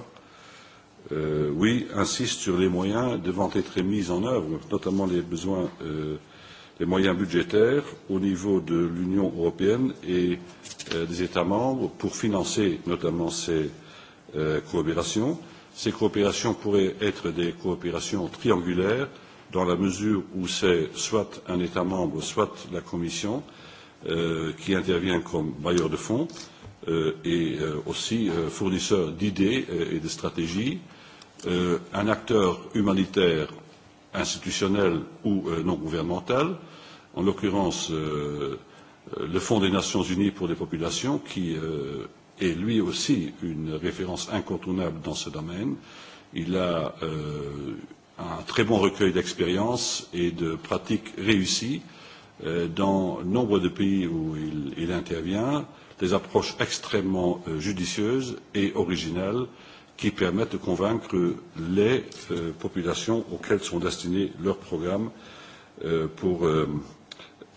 euh, oui, insiste sur les moyens devant être mis en œuvre, notamment les besoins, euh, les moyens budgétaires au niveau de l'Union européenne et euh, des États membres pour financer notamment ces euh, coopérations. Ces coopérations pourraient être des coopérations triangulaires dans la mesure où c'est soit un État membre, soit la Commission, euh, euh, qui intervient comme bailleur de fonds euh, et euh, aussi euh, fournisseur d'idées euh, et de stratégies, euh, un acteur humanitaire institutionnel ou euh, non gouvernemental, en l'occurrence euh, euh, le Fonds des Nations Unies pour les populations, qui euh, est lui aussi une référence incontournable dans ce domaine. Il a euh, un très bon recueil d'expériences et de pratiques réussies euh, Euh, dans nombre de pays où il, il intervient des approches extrêmement euh, judicieuses et originales qui permettent de convaincre les euh, populations auxquelles sont destinés leurs programmes euh, pour euh,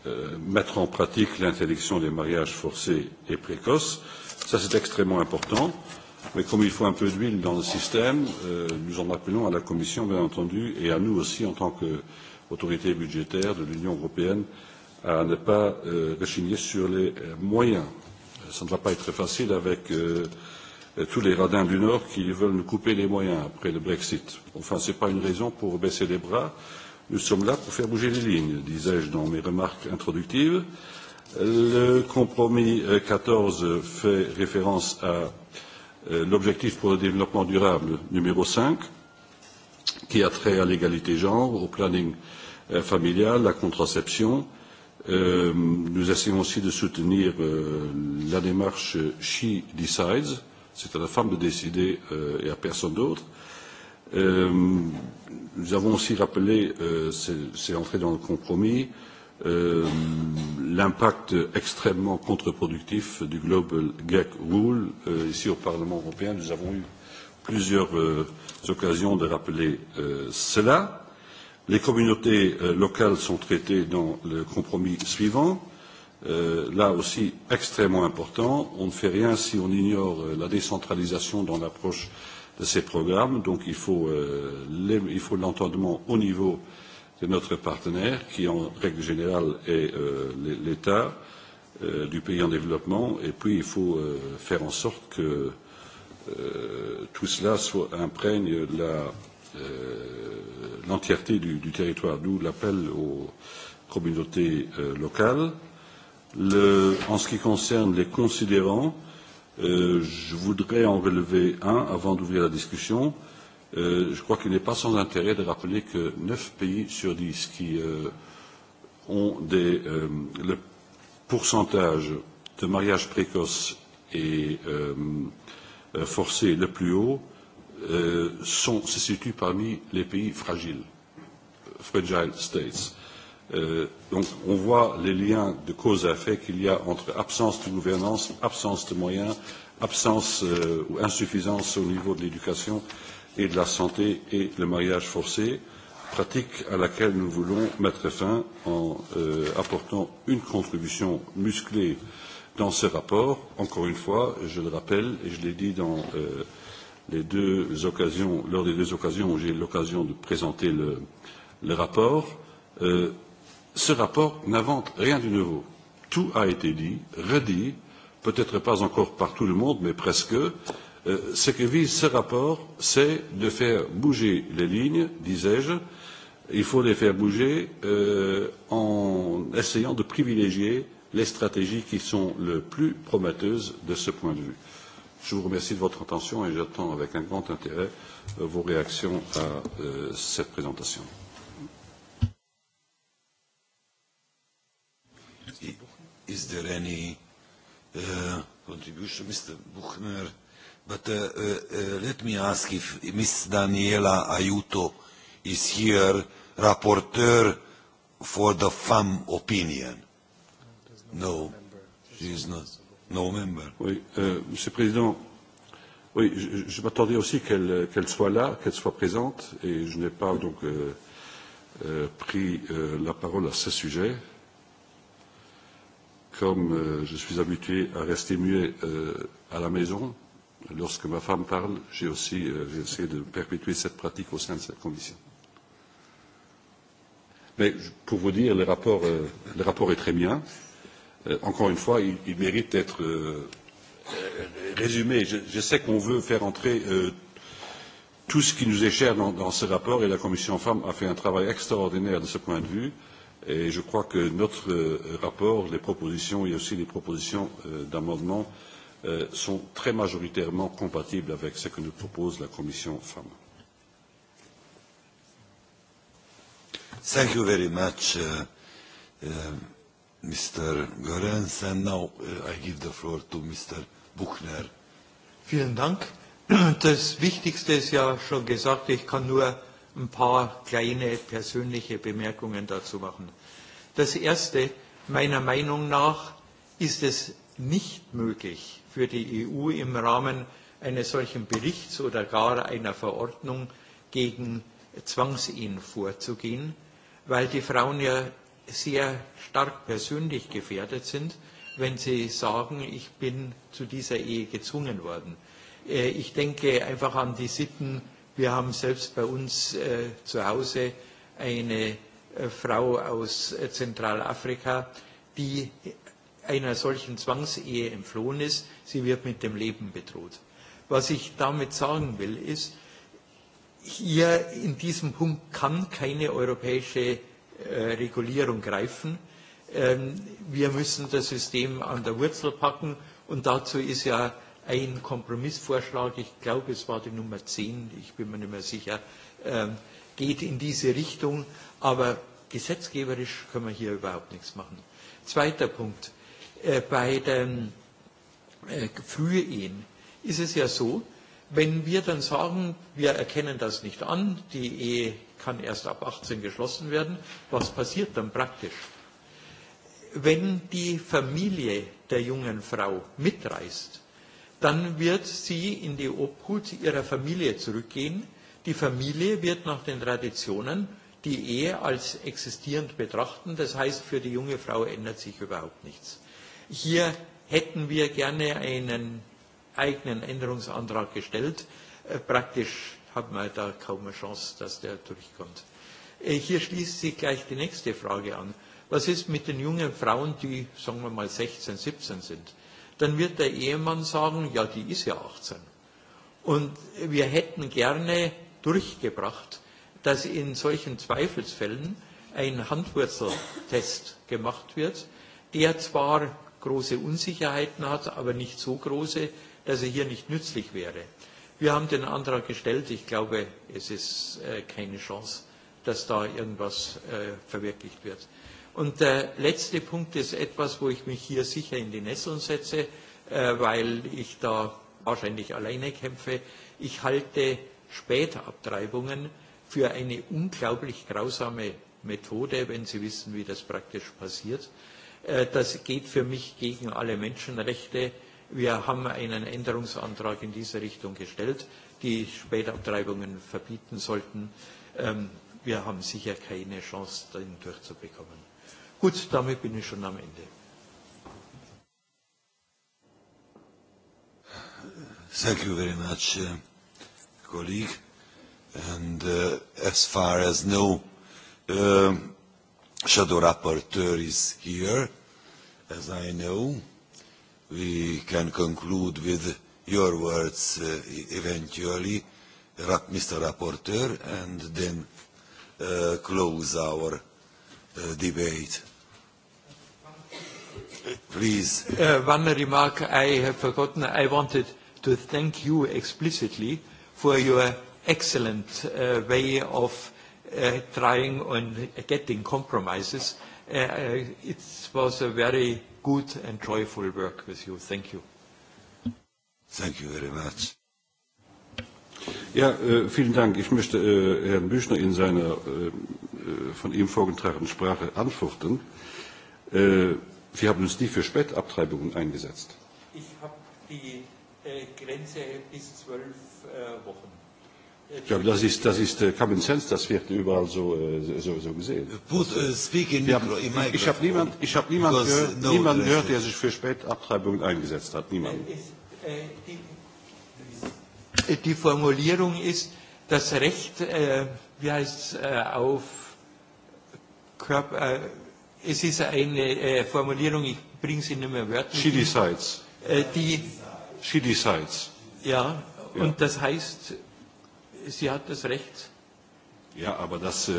euh, mettre en pratique l'interdiction des mariages forcés et précoces. Ça, c'est extrêmement important. Mais comme il faut un peu d'huile dans le système, euh, nous en appelons à la Commission, bien entendu, et à nous aussi, en tant qu'autorité budgétaire de l'Union européenne, euh, à ne pas euh, rechigner sur les euh, moyens. Euh, ça ne va pas être facile avec euh, euh, tous les radins du Nord qui veulent nous couper les moyens après le Brexit. Enfin, ce n'est pas une raison pour baisser les bras. Nous sommes là pour faire bouger les lignes, disais-je dans mes remarques introductives. Le compromis 14 fait référence à euh, l'objectif pour le développement durable numéro 5, qui a trait à l'égalité genre, au planning euh, familial, la contraception, euh, Euh, nous essayons aussi de soutenir euh, la démarche She Decides, c'est à la femme de décider euh, et à personne d'autre. Euh, nous avons aussi rappelé, euh, c'est entré dans le compromis, euh, l'impact extrêmement contre-productif du Global Gag Rule. Euh, ici au Parlement européen, nous avons eu plusieurs euh, occasions de rappeler euh, cela. Les communautés euh, locales sont traitées dans le compromis suivant. Euh, là aussi, extrêmement important. On ne fait rien si on ignore euh, la décentralisation dans l'approche de ces programmes. Donc il faut euh, l'entendement au niveau de notre partenaire, qui en règle générale est euh, l'État euh, du pays en développement. Et puis il faut euh, faire en sorte que euh, tout cela soit, imprègne la Euh, l'entièreté du, du territoire, d'où l'appel aux communautés euh, locales. Le, en ce qui concerne les considérants, euh, je voudrais en relever un avant d'ouvrir la discussion. Euh, je crois qu'il n'est pas sans intérêt de rappeler que neuf pays sur dix qui euh, ont des, euh, le pourcentage de mariage précoce et euh, euh, forcé le plus haut euh, sont, se situent parmi les pays fragiles, euh, fragile states. Euh, donc on voit les liens de cause à effet qu'il y a entre absence de gouvernance, absence de moyens, absence euh, ou insuffisance au niveau de l'éducation et de la santé et le mariage forcé, pratique à laquelle nous voulons mettre fin en euh, apportant une contribution musclée dans ce rapport. Encore une fois, je le rappelle et je l'ai dit dans euh, les deux occasions, lors des deux occasions où j'ai eu l'occasion de présenter le, le rapport, euh, ce rapport n'invente rien de nouveau. Tout a été dit, redit, peut-être pas encore par tout le monde, mais presque. Euh, ce que vise ce rapport, c'est de faire bouger les lignes, disais-je. Il faut les faire bouger euh, en essayant de privilégier les stratégies qui sont le plus prometteuses de ce point de vue Je vous remercie de votre attention et j'attends avec un grand intérêt euh, vos réactions à euh, cette présentation. Is there any uh, contribution, Mr. Buchner? But uh, uh, uh, let me ask if Ms. Daniela Ayuto is here, rapporteur for the FAM opinion. No, she is not. November. Oui, euh, Monsieur le Président, oui, je, je m'attendais aussi qu'elle qu, elle, qu elle soit là, qu'elle soit présente, et je n'ai pas donc euh, euh, pris euh, la parole à ce sujet. Comme euh, je suis habitué à rester muet euh, à la maison, lorsque ma femme parle, j'ai aussi euh, essayé de perpétuer cette pratique au sein de cette commission. Mais pour vous dire, le rapport, euh, le rapport est très bien. Euh, euh, encore une fois, il, il mérite d'être euh, résumé. Je, je sais qu'on veut faire entrer euh, tout ce qui nous est cher dans, dans ce rapport et la Commission femmes a fait un travail extraordinaire de ce point de vue. Et je crois que notre euh, rapport, les propositions et aussi les propositions euh, d'amendements euh, sont très majoritairement compatibles avec ce que nous propose la Commission femmes. Thank you very much. Uh, uh, Mr. Görens, and now uh, I give the floor to Mr. Buchner. Vielen Dank. Das Wichtigste ist ja schon gesagt. Ich kann nur ein paar kleine persönliche Bemerkungen dazu machen. Das Erste, meiner Meinung nach ist es nicht möglich für die EU im Rahmen eines solchen Berichts oder gar einer Verordnung gegen Zwangsehen vorzugehen, weil die Frauen ja sehr stark persönlich gefährdet sind, wenn sie sagen, ich bin zu dieser Ehe gezwungen worden. Äh, ich denke einfach an die Sitten. Wir haben selbst bei uns äh, zu Hause eine äh, Frau aus äh, Zentralafrika, die einer solchen Zwangsehe entflohen ist. Sie wird mit dem Leben bedroht. Was ich damit sagen will, ist, hier in diesem Punkt kann keine europäische Äh, Regulierung greifen. Ähm, wir müssen das System an der Wurzel packen und dazu ist ja ein Kompromissvorschlag, ich glaube es war die Nummer 10, ich bin mir nicht mehr sicher, ähm, geht in diese Richtung, aber gesetzgeberisch können wir hier überhaupt nichts machen. Zweiter Punkt. Äh, bei den äh, Frühehen ist es ja so, wenn wir dann sagen, wir erkennen das nicht an, die Ehe kann erst ab 18 geschlossen werden. Was passiert dann praktisch? Wenn die Familie der jungen Frau mitreist, dann wird sie in die Obhut ihrer Familie zurückgehen. Die Familie wird nach den Traditionen die Ehe als existierend betrachten. Das heißt, für die junge Frau ändert sich überhaupt nichts. Hier hätten wir gerne einen eigenen Änderungsantrag gestellt, äh, praktisch haben wir da kaum eine Chance, dass der durchkommt. Äh, hier schließt sich gleich die nächste Frage an. Was ist mit den jungen Frauen, die, sagen wir mal, 16, 17 sind? Dann wird der Ehemann sagen, ja, die ist ja 18. Und wir hätten gerne durchgebracht, dass in solchen Zweifelsfällen ein Handwurzeltest gemacht wird, der zwar große Unsicherheiten hat, aber nicht so große, dass er hier nicht nützlich wäre. Wir haben den Antrag gestellt. Ich glaube, es ist äh, keine Chance, dass da irgendwas äh, verwirklicht wird. Und der letzte Punkt ist etwas, wo ich mich hier sicher in die Nesseln setze, äh, weil ich da wahrscheinlich alleine kämpfe. Ich halte Spätabtreibungen für eine unglaublich grausame Methode, wenn Sie wissen, wie das praktisch passiert. Äh, das geht für mich gegen alle Menschenrechte Wir haben einen Änderungsantrag in diese Richtung gestellt, die Spätabtreibungen verbieten sollten. Ähm, wir haben sicher keine Chance, den durchzubekommen. Gut, damit bin ich schon am Ende. Thank you very much, uh, colleague. And uh, as far as no uh, shadow rapporteur is here, as I know, we can conclude with your words uh, eventually, Mr. Rapporteur, and then uh, close our uh, debate. Please. Uh, one remark I have forgotten. I wanted to thank you explicitly for your excellent uh, way of uh, trying on getting compromises. Uh, uh it was a very good and joyful work with you. Thank you. Thank you very much. Ja, äh, vielen Dank. Ich möchte äh, Herrn Büchner in seiner äh, äh von ihm vorgetragenen Sprache antworten. Äh, wir haben uns nie für Spätabtreibungen eingesetzt. Ich habe die äh, Grenze bis zwölf äh, Wochen. Ja, das ist, das ist äh, Common Sense, das wird überall so, äh, so, so gesehen. Put, uh, speak in micro, in micro. Ich habe niemand, ich hab niemand gehört, no niemand gehört, der sich für Spätabtreibung eingesetzt hat. Niemand. Äh, äh die, äh, die Formulierung ist, das Recht, äh, wie heißt es, äh, auf Körper, äh, es ist eine äh, Formulierung, ich bringe sie nicht mehr wörtlich. She decides. Äh, die, She decides. Ja, ja, und das heißt, Sie hat das Recht. Ja, aber das, äh,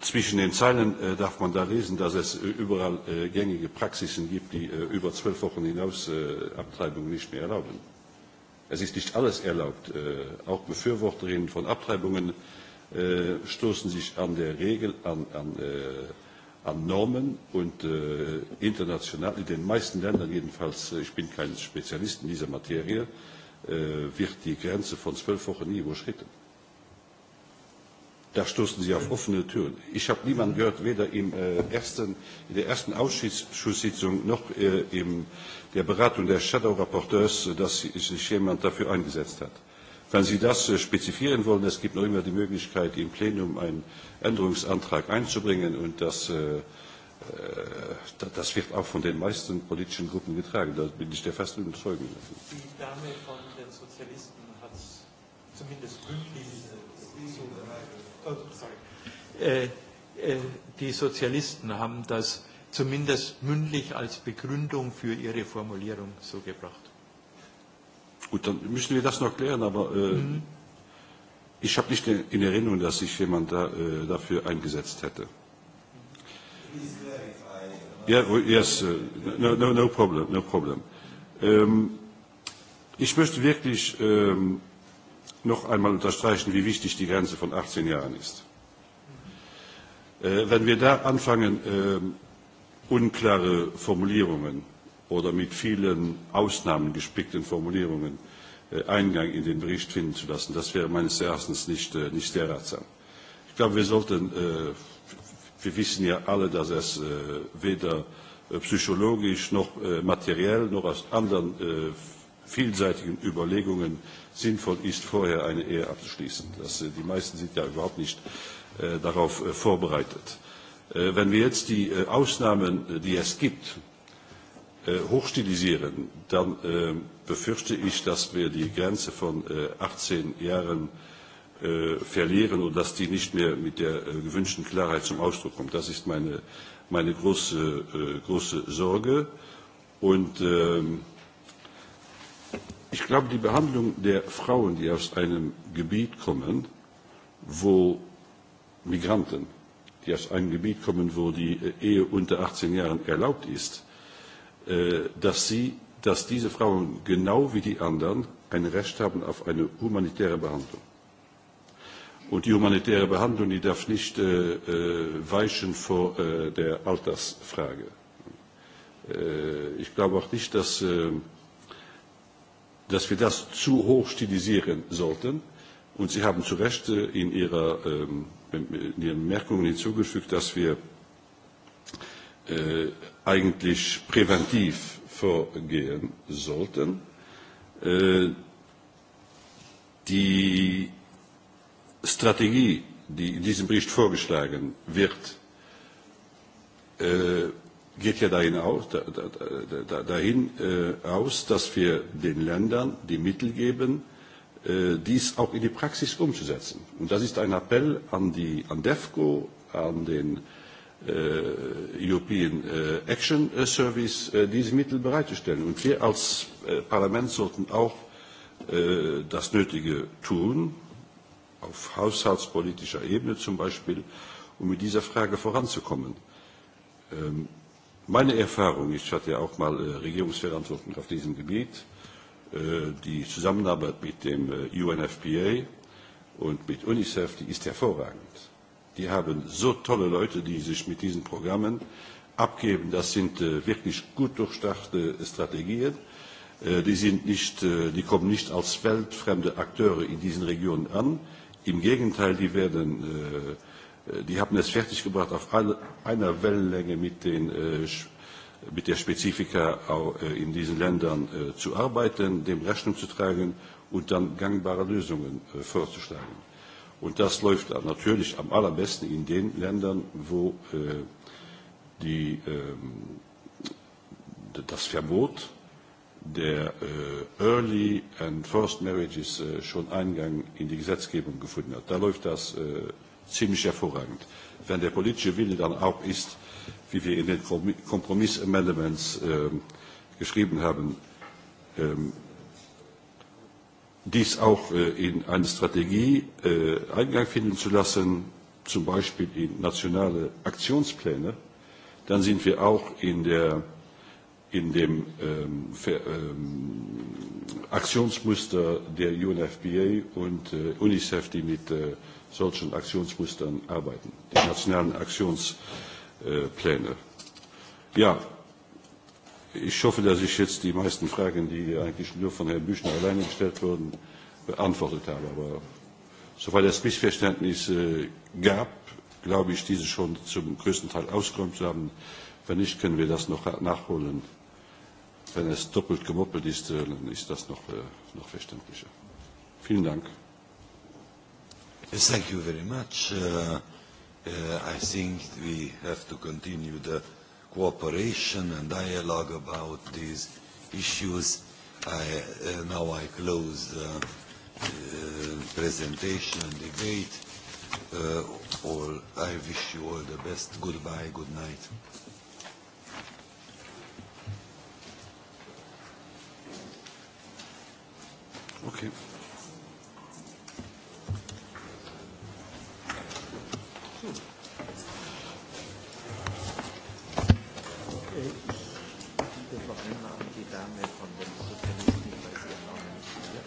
zwischen den Zeilen äh, darf man da lesen, dass es äh, überall äh, gängige Praxisen gibt, die äh, über zwölf Wochen hinaus äh, Abtreibungen nicht mehr erlauben. Es ist nicht alles erlaubt. Äh, auch Befürworterinnen von Abtreibungen äh, stoßen sich an der Regel, an, an, äh, an Normen und äh, international, in den meisten Ländern jedenfalls, ich bin kein Spezialist in dieser Materie, äh, Äh, wird die Grenze von zwölf Wochen nie überschritten. Da stoßen Sie auf offene Türen. Ich habe niemanden gehört, weder im, äh, ersten, in der ersten Ausschusssitzung noch äh, in der Beratung der Shadow Rapporteurs, dass sich jemand dafür eingesetzt hat. Wenn Sie das äh, spezifizieren wollen, es gibt noch immer die Möglichkeit, im Plenum einen Änderungsantrag einzubringen und das äh, Äh, das, das wird auch von den meisten politischen Gruppen getragen. Da bin ich der festen Überzeugung. Die Dame von den Sozialisten hat zumindest mündlich äh, so, äh, oh, sorry. Äh, äh, die Sozialisten haben das zumindest mündlich als Begründung für ihre Formulierung so gebracht. Gut, dann müssen wir das noch klären, aber äh, mhm. ich habe nicht in Erinnerung, dass sich jemand da, äh, dafür eingesetzt hätte please clarify? Yeah, yes, no, no, no problem, no problem. Ähm, ich möchte wirklich ähm, noch einmal unterstreichen, wie wichtig die Grenze von 18 Jahren ist. Äh, wenn wir da anfangen, ähm, unklare Formulierungen oder mit vielen Ausnahmen gespickten Formulierungen äh, Eingang in den Bericht finden zu lassen, das wäre meines Erachtens nicht, äh, nicht sehr ratsam. Ich glaube, wir sollten äh, Wir wissen ja alle, dass es äh, weder äh, psychologisch noch äh, materiell noch aus anderen äh, vielseitigen Überlegungen sinnvoll ist, vorher eine Ehe abzuschließen. Das, äh, die meisten sind ja überhaupt nicht äh, darauf äh, vorbereitet. Äh, wenn wir jetzt die äh, Ausnahmen, äh, die es gibt, äh, hochstilisieren, dann äh, befürchte ich, dass wir die Grenze von äh, 18 Jahren äh, äh, verlieren oder dass die nicht mehr mit der äh, gewünschten Klarheit zum Ausdruck kommt. Das ist meine, meine große, äh, große Sorge. Und ähm, ich glaube, die Behandlung der Frauen, die aus einem Gebiet kommen, wo Migranten, die aus einem Gebiet kommen, wo die äh, Ehe unter 18 Jahren erlaubt ist, äh, dass, sie, dass diese Frauen genau wie die anderen ein Recht haben auf eine humanitäre Behandlung. Und die humanitäre Behandlung, die darf nicht äh, äh, weichen vor äh, der Altersfrage. Äh, ich glaube auch nicht, dass, äh, dass wir das zu hoch stilisieren sollten. Und Sie haben zu Recht äh, in, Ihrer, äh, in Ihren Bemerkungen hinzugefügt, dass wir äh, eigentlich präventiv vorgehen sollten. Äh, die Strategie, die in diesem Bericht vorgeschlagen wird, äh, geht ja dahin aus, da, da, da, dahin, äh, aus, dass wir den Ländern die Mittel geben, äh, dies auch in die Praxis umzusetzen. Und das ist ein Appell an, die, an DEFCO, an den äh, European äh, Action Service, äh, diese Mittel bereitzustellen. Und wir als äh, Parlament sollten auch äh, das Nötige tun, auf haushaltspolitischer Ebene zum Beispiel, um mit dieser Frage voranzukommen. Ähm, meine Erfahrung, ich hatte ja auch mal äh, Regierungsverantwortung auf diesem Gebiet, äh, die Zusammenarbeit mit dem äh, UNFPA und mit UNICEF, die ist hervorragend. Die haben so tolle Leute, die sich mit diesen Programmen abgeben. Das sind äh, wirklich gut durchdachte äh, Strategien. Äh, die, sind nicht, äh, die kommen nicht als weltfremde Akteure in diesen Regionen an. Äh, Im Gegenteil, die werden, äh, die haben es fertiggebracht, auf alle, einer Wellenlänge mit den äh, mit der Spezifika auch, äh, in diesen Ländern äh, zu arbeiten, dem Rechnung zu tragen und dann gangbare Lösungen äh, vorzuschlagen. Und das läuft natürlich am allerbesten in den Ländern, wo äh, die, äh, das Verbot der äh, Early and First Marriages äh, schon Eingang in die Gesetzgebung gefunden hat. Da läuft das äh, ziemlich hervorragend. Wenn der politische Wille dann auch ist, wie wir in den Kompromissamendments äh, geschrieben haben, ähm, dies auch äh, in eine Strategie äh, Eingang finden zu lassen, zum Beispiel in nationale Aktionspläne, dann sind wir auch in der in dem ähm, Ver, ähm, Aktionsmuster der UNFPA und äh, UNICEF, die mit äh, solchen Aktionsmustern arbeiten, die nationalen Aktionspläne. Äh, ja, ich hoffe, dass ich jetzt die meisten Fragen, die eigentlich nur von Herrn Büchner alleine gestellt wurden, beantwortet habe. Aber soweit es Missverständnisse äh, gab, glaube ich, diese schon zum größten Teil ausgeräumt zu haben. Wenn nicht, können wir das noch nachholen wenn es doppelt gemoppelt ist, äh, dann ist das noch, äh, noch verständlicher. Vielen Dank. Yes, thank you very much. Uh, uh, I think we have to continue the cooperation and dialogue about these issues. I, uh, now I close the uh, uh, presentation and debate. Uh, all, I wish you all the best. Goodbye, good night. Okay.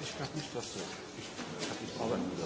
Ich glaube nicht, dass so. Ich habe nicht arbeiten gesagt.